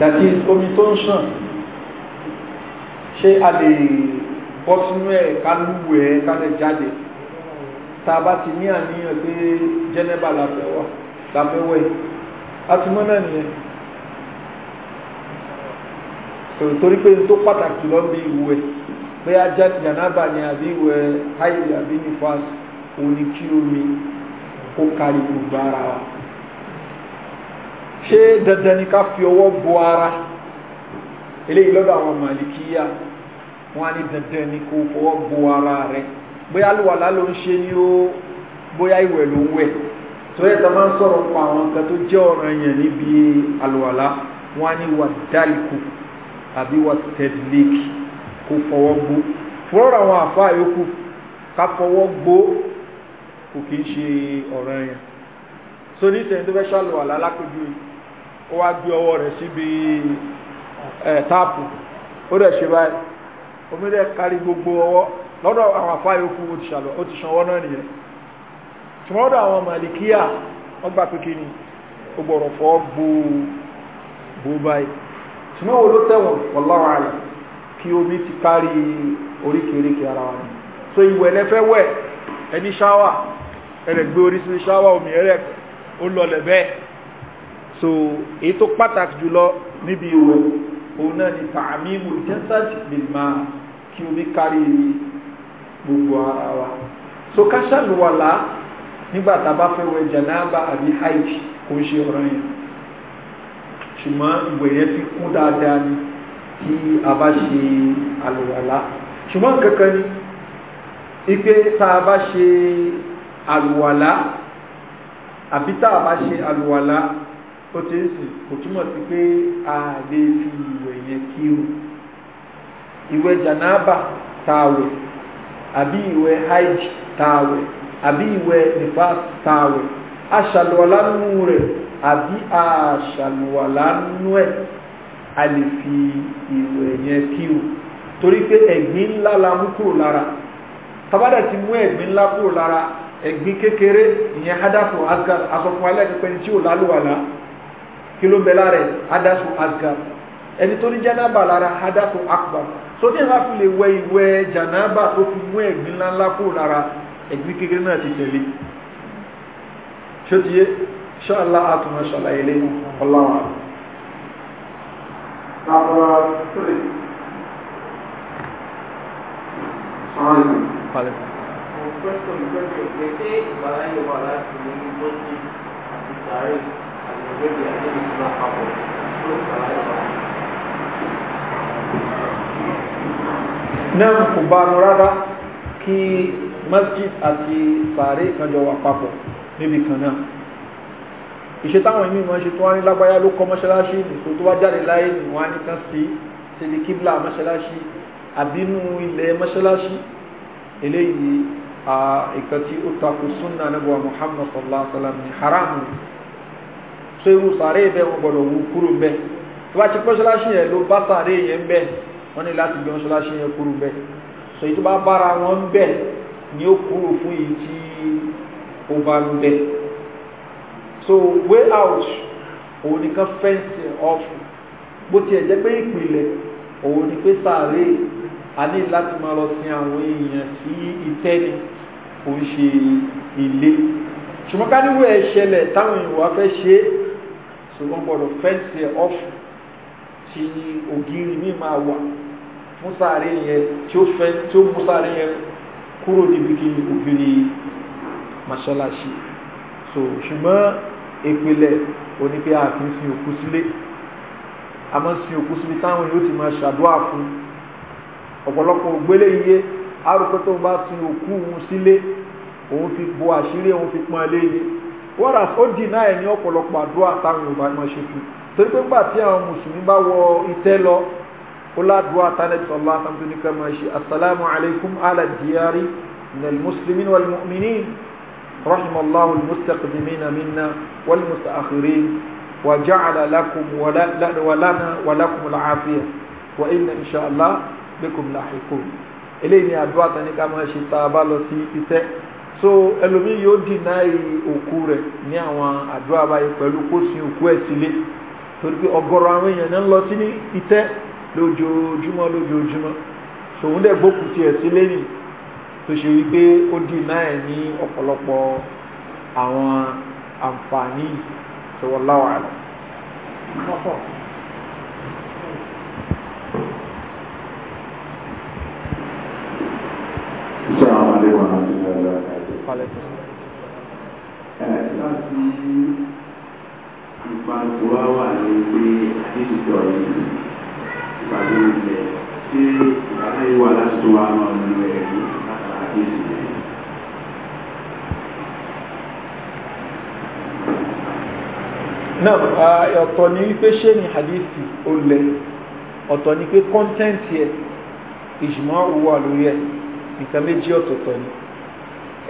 dàtí omi tó ń ṣàn ṣé a lè bọ́ sínú ẹ̀ ká lúwẹ̀ ẹ́ ká lè jáde tá a bá ti ní àníyàn pé jẹ́nẹ́bà láfẹ́wẹ̀ a ti mọ́ náà nìyẹn torí pé tó pàtàkì lọ́ bí ìwú ẹ̀ pé ajá jànábà ni àbí ìwẹ̀ háìlì àbí nífàs òní kí omi kó kárí gbogbo ara wa ṣé dandan ni ká fi ọwọ́ bo ara eléyìí lọ́dọ̀ àwọn màlìkíyà wọn á ní dandan ni kó fọwọ́ bo ara rẹ bóyá àlùwàlá ló ń ṣe ni ó bóyá ìwẹ̀ ló ń wẹ̀ torí ẹ̀ta máa ń sọ̀rọ̀ pa àwọn nǹkan tó jẹ́ ọ̀ràn yẹn níbi àlùwàlá wọn á ní wà dálìkù àbí wà tẹ̀lẹ́kì kó fọwọ́ gbó fúrọ́rọ̀ àwọn àfáà yòókù ká fọwọ́ gbó kò ṣe ọ̀ràn yẹn so ní sẹ́yìn tó fẹ́ ṣàlùwàlá lápẹ́jú ó wá gbé ọwọ́ rẹ̀ síbi táàpù ó dẹ̀ ṣe báyìí omi dẹ̀ gbogbo ọwọ́ lọ́dọ̀ àwọn afọ yòókù ó ti ṣàlọ́ ó ti náà nìyẹn àwọn màlìkíyà wọ́n gbà pé kí kí omi ti kárí oríkèéríkèé ara wa ni so ìwẹ̀ lẹ́fẹ́ wẹ̀ ẹni ṣáwà ẹ̀rẹ̀ gbé orí sínú ṣáwà omi ẹ̀rẹ̀ ó lọlẹ̀ bẹ́ẹ̀ so èyí tó pàtàkì jùlọ níbi ìwẹ̀ òun náà ni tààmìmù jẹ́sàjì lè máa kí omi kárí gbogbo ara wa so ká ṣàlùwàlá nígbà tá a bá fẹ́ wẹ̀ jẹ̀nàbà àbí hajj kò ń ṣe ọ̀ràn yẹn ṣùgbọ́n ìwẹ̀ yẹn ti kún dáadáa ni tí a bá ṣe àlùwàlá ṣùgbọ́n kankan ni ipe tá a bá ṣe àlùwàlá àbí tá a bá ṣe àlùwàlá ó ti ń sìn kò túmọ̀ sí pé a lè fi ìwẹ̀ yẹn kí o ìwẹ̀ jànáàbà tá a wẹ̀ àbí ìwẹ̀ hajj tá a wẹ̀ àbí ìwẹ̀ nifas tá a wẹ̀ nù rẹ̀ àbí aṣàlùwàlá nù ẹ̀ a lè fi ìwẹ̀ yẹn kí o torí pé ẹ̀gbin ńlá la mú kúrò lára tabada ti mú ẹ̀gbin ńlá kúrò lára ẹ̀gbin kékeré ìyẹn hadafu asgar asọ̀fún alẹ́kẹ̀kẹ́ ni tí ò lálùwàlá kí ló bẹ lára ẹ̀ hadafu asgar ẹni tó ní janaba lára hadafu akbar sódì ńlá fi lè wẹ ìwẹ̀ janaba tó fi mú ẹ̀gbin ńlá kúrò lára ẹ̀gbin kékeré náà ti tẹ̀lé ṣé o ti yé ṣọlá àtúnṣọlá ilé ọlọ́run àti. náà kò bánu rárá kí masjid àti sàárè kan jọ wà papọ̀ níbi kan náà ìṣe táwọn ẹ̀mí wọn ṣe tó wá ní lágbáyá ló kọ́ mọ́ṣáláṣí nìkó tó wá jáde láyé nì wọ́n á ní kan sí síbi kíbla mọ́ṣáláṣí àbínú ilẹ̀ mọ́ṣáláṣí eléyìí ìkan tí ó takò súnà níbo Muhammad sallallahu alaihi wa sallam ní haramu so irú sàárè bẹ́ẹ̀ wọ́n gbọ́dọ̀ wú kúrò bẹ́ẹ̀ tó bá ti mọ́ṣáláṣí yẹn ló bá sàárè yẹn bẹ́ẹ̀ wọ́n ní láti gbé mọ́ṣáláṣí so èyí tó bá bára wọn bẹ́ẹ̀ so way out òun nìkan fẹ́ǹsì ọ̀fun bó tiẹ̀ jẹ́ pé ìpìlẹ̀ òun ni pé sàárè a ní láti máa lọ sin àwọn èèyàn sí ìtẹ́ni kò ń ṣe ilé ṣùgbọ́n ká níwò ẹ̀ ṣẹlẹ̀ táwọn èèyàn wá fẹ́ ṣe é ṣùgbọ́n gbọ́dọ̀ fẹ́ǹsì ọ̀fun tí ògiri mi máa wà fún sàárè yẹn tí ó fẹ́ tí ó mú sàárè yẹn kúrò níbi kí ògiri màṣáláṣí so ṣùgbọ́n ìpìlẹ̀ òní pé a kì í sin òkú sílé a máa sin òkú sílé táwọn yóò ti máa ṣàdúrà fún ọ̀pọ̀lọpọ̀ ògbélé iye arúgbó tó ń bá sin òkú òun sílé òun fi bo àṣírí òun fi pọn ilé yìí wọ́n rà ó dì náà ẹ̀ ní ọ̀pọ̀lọpọ̀ àdúrà táwọn yorùbá máa ṣe fún torí pé nígbà tí àwọn mùsùlùmí bá wọ ìtẹ́ lọ ó ládùúgbò àtàlẹ́tì ọ̀la àtàmùtò ní ká máa ṣe assalamu alaikum ala diyari minal muslimin wal رحم الله المستقدمين منا والمتأخرين وجعل لكم ولنا ولكم العافية وإن إن شاء الله بكم لاحقون eléyìí ni àdúrà tán ní ká so ẹlòmíì yóò dìnáì òkú rẹ̀ ní àwọn àdúrà báyìí pẹ̀lú kó sin òkú ẹ̀ sílé torí pé ọgọ́rọ̀ àwọn èèyàn náà ń lọ sí ní iṣẹ́ lójoojúmọ́ lójoojúmọ́ sòun dẹ̀ gbókùtì ẹ̀ sílé nìyí tó ṣe wípé ó dì náà ní ọ̀pọ̀lọpọ̀ àwọn àǹfààní ìṣòwòláwà rẹ̀. Láti ìpàdé wa wà ní pé àdéjìjọ yìí ìpàdé ilẹ̀ ṣé ìpàdé wà láti tó wa náà nínú ẹ̀rí àkíyèsí rẹ̀. náà ọ̀tọ̀ ni wípé ṣé ni hadithi ó lẹ ọ̀tọ̀ ni pé kọ́ńtẹ́ǹtì ẹ̀ ìjùmọ̀ wà lórí ẹ̀ nǹkan méjì ọ̀tọ̀ọ̀tọ̀ ni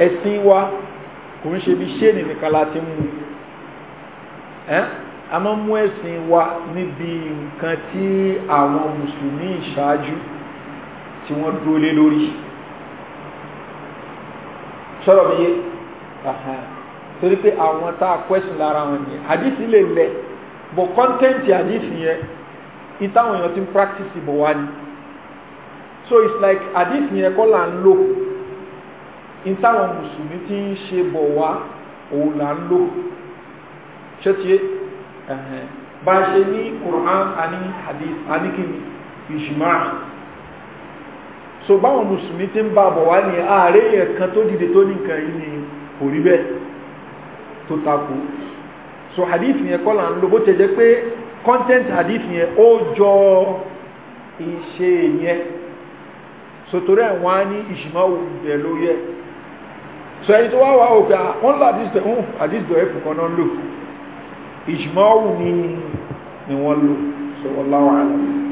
ẹ̀sìn wa kò ń ṣe bí ṣé ni nìkan láti mú ẹ́ a máa mú ẹ̀sìn wa níbi nǹkan tí àwọn mùsùlùmí ìṣáájú tí wọ́n dúró lé lórí sọ̀rọ̀ mi yé torí pé àwọn tá a question lára wọn nìyẹn àdìsí lè lẹ̀ bọ̀ kọ́ńtẹ́ǹtì àdìsí yẹn ìtàwọn èèyàn ti ń practice bọ̀ wá ni so it's like àdìsí yẹn kọ́ là ń lò ìtàwọn mùsùlùmí ti ń ṣe bọ̀ wá òun là ń lò ṣẹ́tìyé bá a ṣe ní Quran àní hadith àníkìní ìjìmáà so báwọn mùsùlùmí ti ń bá bọ̀ wá ní ààrẹ yẹn kan tó dìde tó ní nǹkan yìí ni kò rí bẹ́ẹ̀ tó takò so hadith yẹn kọ́ là ń lo bó ti jẹ́ pé content hadith yẹn ó jọ ìṣe yẹn so torí ẹ̀ wọ́n á ní ìṣìmọ́ bẹ̀ ló yẹ so ẹni tó wá wá òkè ah, wọ́n lọ hadith tẹ̀ ń hadith ẹ̀fù kan náà lò ìṣìmọ́ ni wọ́n lò so wallahu alam.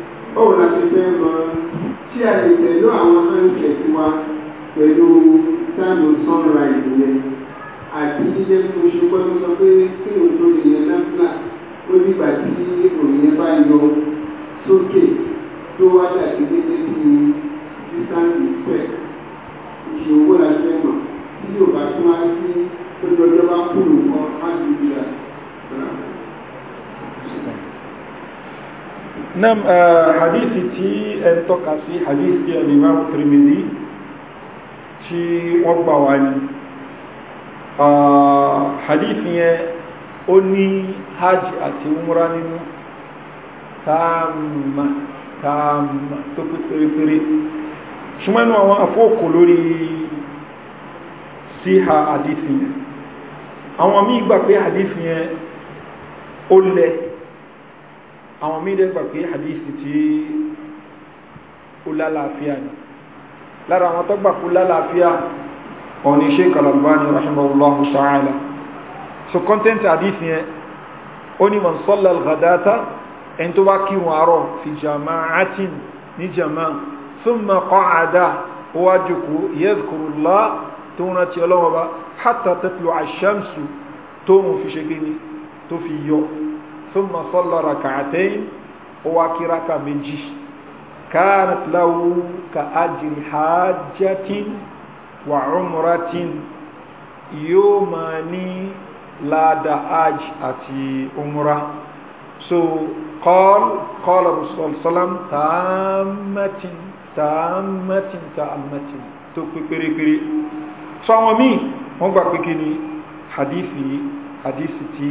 báwo la ṣe fẹ́ mọ tí a lè tẹ̀lé àwọn ankẹ́tì wa pẹ̀lú táàmù sunrise yẹn àti jíjẹ́ tó ṣe gbọ́dọ̀ sọ pé kí òun tó lè yẹn náfìlà ó nígbà tí òun yẹn bá yọ sókè tó wá dàbí dédé bí dísáǹtì pẹ̀ ìṣòwò la fẹ́ mọ̀ tí yóò bá tún wá sí lójoojúmọ́ kúrò kan á ti di àná. nam hadithi tí ẹ tọ́ka sí hadithi al-Imam Tirmidhi tí wọ́n gbà wá ah, ní hadithi yẹn ó ní hajj àti umra nínú tààmà tààmà tó pé pérépéré àwọn mídẹ́ gbà pé hadithi tí ó lálàáfíà ni lára àwọn tó gbà kú lálàáfíà wọn ni Sheikh Al-Albani rahimahullahu ta'ala so content hadithi yẹn ó ní man salla al-ghadata ẹni tó bá kírun àárọ̀ fi jama'atin ní jama'a thumma qa'ada ó wá jòkó yadhkurullah tó ń rántí ọlọ́wọ́ bá hatta tatlu'a ash tó ń fi ṣe gíní tó fi yọ ثم صلى ركعتين وكرك مجي كانت له كأجر حاجة وعمرة يوماني لا دعاج أتي عمره so قال قال الرسول صلى الله عليه وسلم تامة تامة تامة tó pé pérépéré sọ àwọn míì wọ́n gbà pé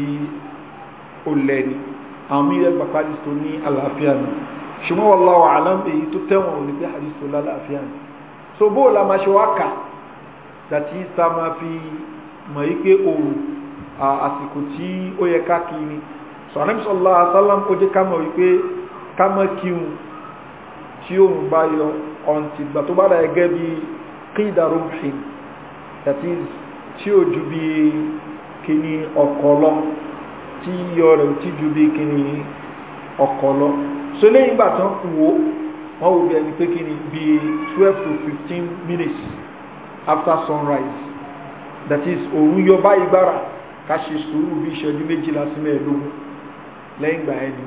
ó lẹ́ni àwọn mìíràn gbàgbà hadith tó ní àlàáfíà ni ṣùgbọ́n wallahu alam èyí tó tẹ̀wọ̀n ò ní pé hadith tó lálàáfíà ni so bó o la ma ṣe wá kà dàtí ta máa fi mọ̀ yí pé òòrùn àsìkò tí ó yẹ ká kí ni sọ̀rọ̀mí sọ̀lá asálàm ó jẹ́ ká mọ̀ wípé ká mọ̀ kíhun tí òun bá yọ ọ̀ǹtì ìgbà tó bá dà gẹ́gẹ́ bí kídàrún fin that is tí ó ju bí kíní ọkọ̀ lọ́wọ́ tí yíyọ rẹ̀ ò tí ju bí kíni ọkọ̀ lọ so lẹ́yìn ìgbà tán wò wọ́n wò bí ẹni pé kíni bí twelve to fifteen minutes after sunrise that is òun yọ báyìí gbára ká ṣe sùúrù bí ìṣẹ́jú méjìlá sí mẹ́ẹ̀ẹ́dógún lẹ́yìn ìgbà ẹni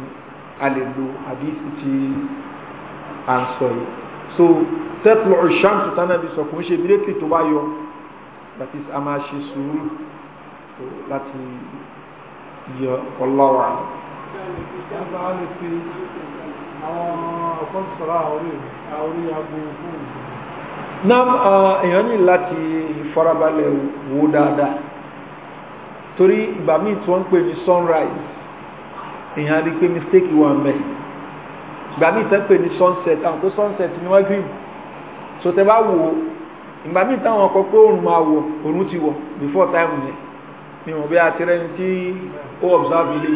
a lè lo àdísì tí à ń sọ yìí so tẹ́tù ọ̀ṣán tó tánà bí sọ kò ń ṣe mílẹ́kì tó bá yọ that is a máa ṣe sùúrù láti yọ ọlọ́wà. nam uh, èèyàn ní láti farabalẹ̀ wo dáadáa torí ìgbà míì tí wọ́n ń pè ní sunrise èèyàn rí pé mistake wà mẹ́ ìgbà míì tẹ́ ń pè ní sunset àwọn tó sunset ni wọ́n gbìn so tẹ́ bá wò ó ìgbà míì táwọn ọkọ̀ pé òòrùn máa wọ̀ òòrùn before time ní wọ́n bí àtẹ́rẹ́ ní tí ó observe ilé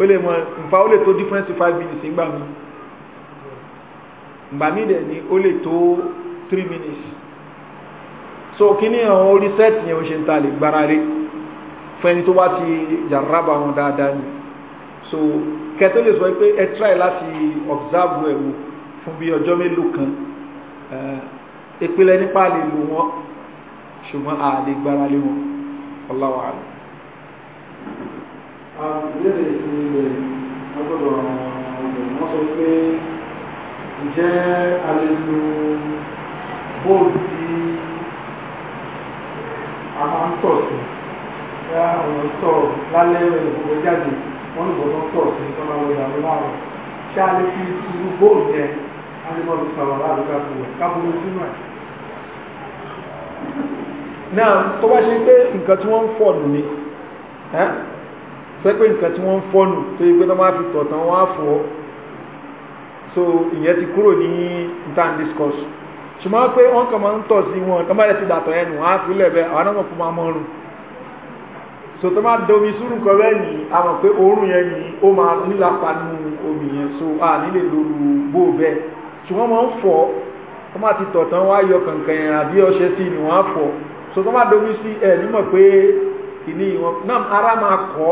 ó lè mọ̀ nfa ó lè tó different to five minutes ìgbà mi ìgbà mi dẹ̀ ni ó lè tó three minutes so kíní àwọn orí set yẹn ó ṣe ń ta lè gbára rí fún ẹni tó bá ti jàrábà wọn dáadáa ni so kẹtọ́ lè sọ pé ẹ try láti observe ẹ̀ wò fún bí ọjọ́ mélòó kan eh, ìpìlẹ̀ nípa lè lò wọ́n ṣùgbọ́n a lè gbára lé wọn Allahu a'lam àbúrò um, a máa ń tọ̀ sí ya ọ̀nà tọ̀ lálẹ́ ìgbòho jáde wọ́n ní bọ̀dọ̀ tọ̀ sí ìtọ́nà ọ̀rọ̀ àwọn márùn-ún ṣé a lè fi irú bóòlù yẹn a lè bọ́ọ̀lù sọ̀rọ̀ láàrín káàkiri káàkiri sínú ẹ̀ náà tó bá ṣe pé nǹkan tí wọ́n ń fọ̀dù ni sẹ́pẹ́ nǹkan tí wọ́n fọ́nù tó yẹ pé tó máa fi tọ̀ wọ́n so ihe ti kúrò ní intern discourse ṣùgbọ́n pé wọ́n kàn máa ń tọ̀ sí wọn tó máa lè ti dàtọ̀ ẹnu á fi lẹ̀bẹ̀ àwọn náà fún máa so máa domi sùúrù kan bẹ́ẹ̀ ni a mọ̀ pé yẹn ni ó máa nílà omi yẹn so a nílè lóru bó bẹ́ẹ̀ máa ń fọ́ wọ́n yọ kànkàn àbí ọṣẹ sí ni wọ́n á fọ́ so máa domi sí ẹ̀ nímọ̀ pé kìíní wọn náà ara máa kọ́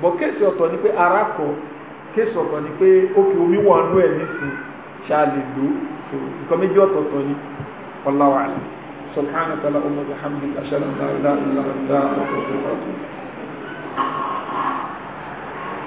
bọ̀ kéèsì ọ̀tọ̀ ni pé ara kọ́ kéèsì ọ̀tọ̀ ni pé ókè omi wà nú ẹ̀ nísìn ṣáà lè lò ó nǹkan méjì ọ̀tọ̀ọ̀tọ̀ ni ọ̀làwà سبحانك اللهم وبحمدك اشهد ان لا اله الا انت استغفرك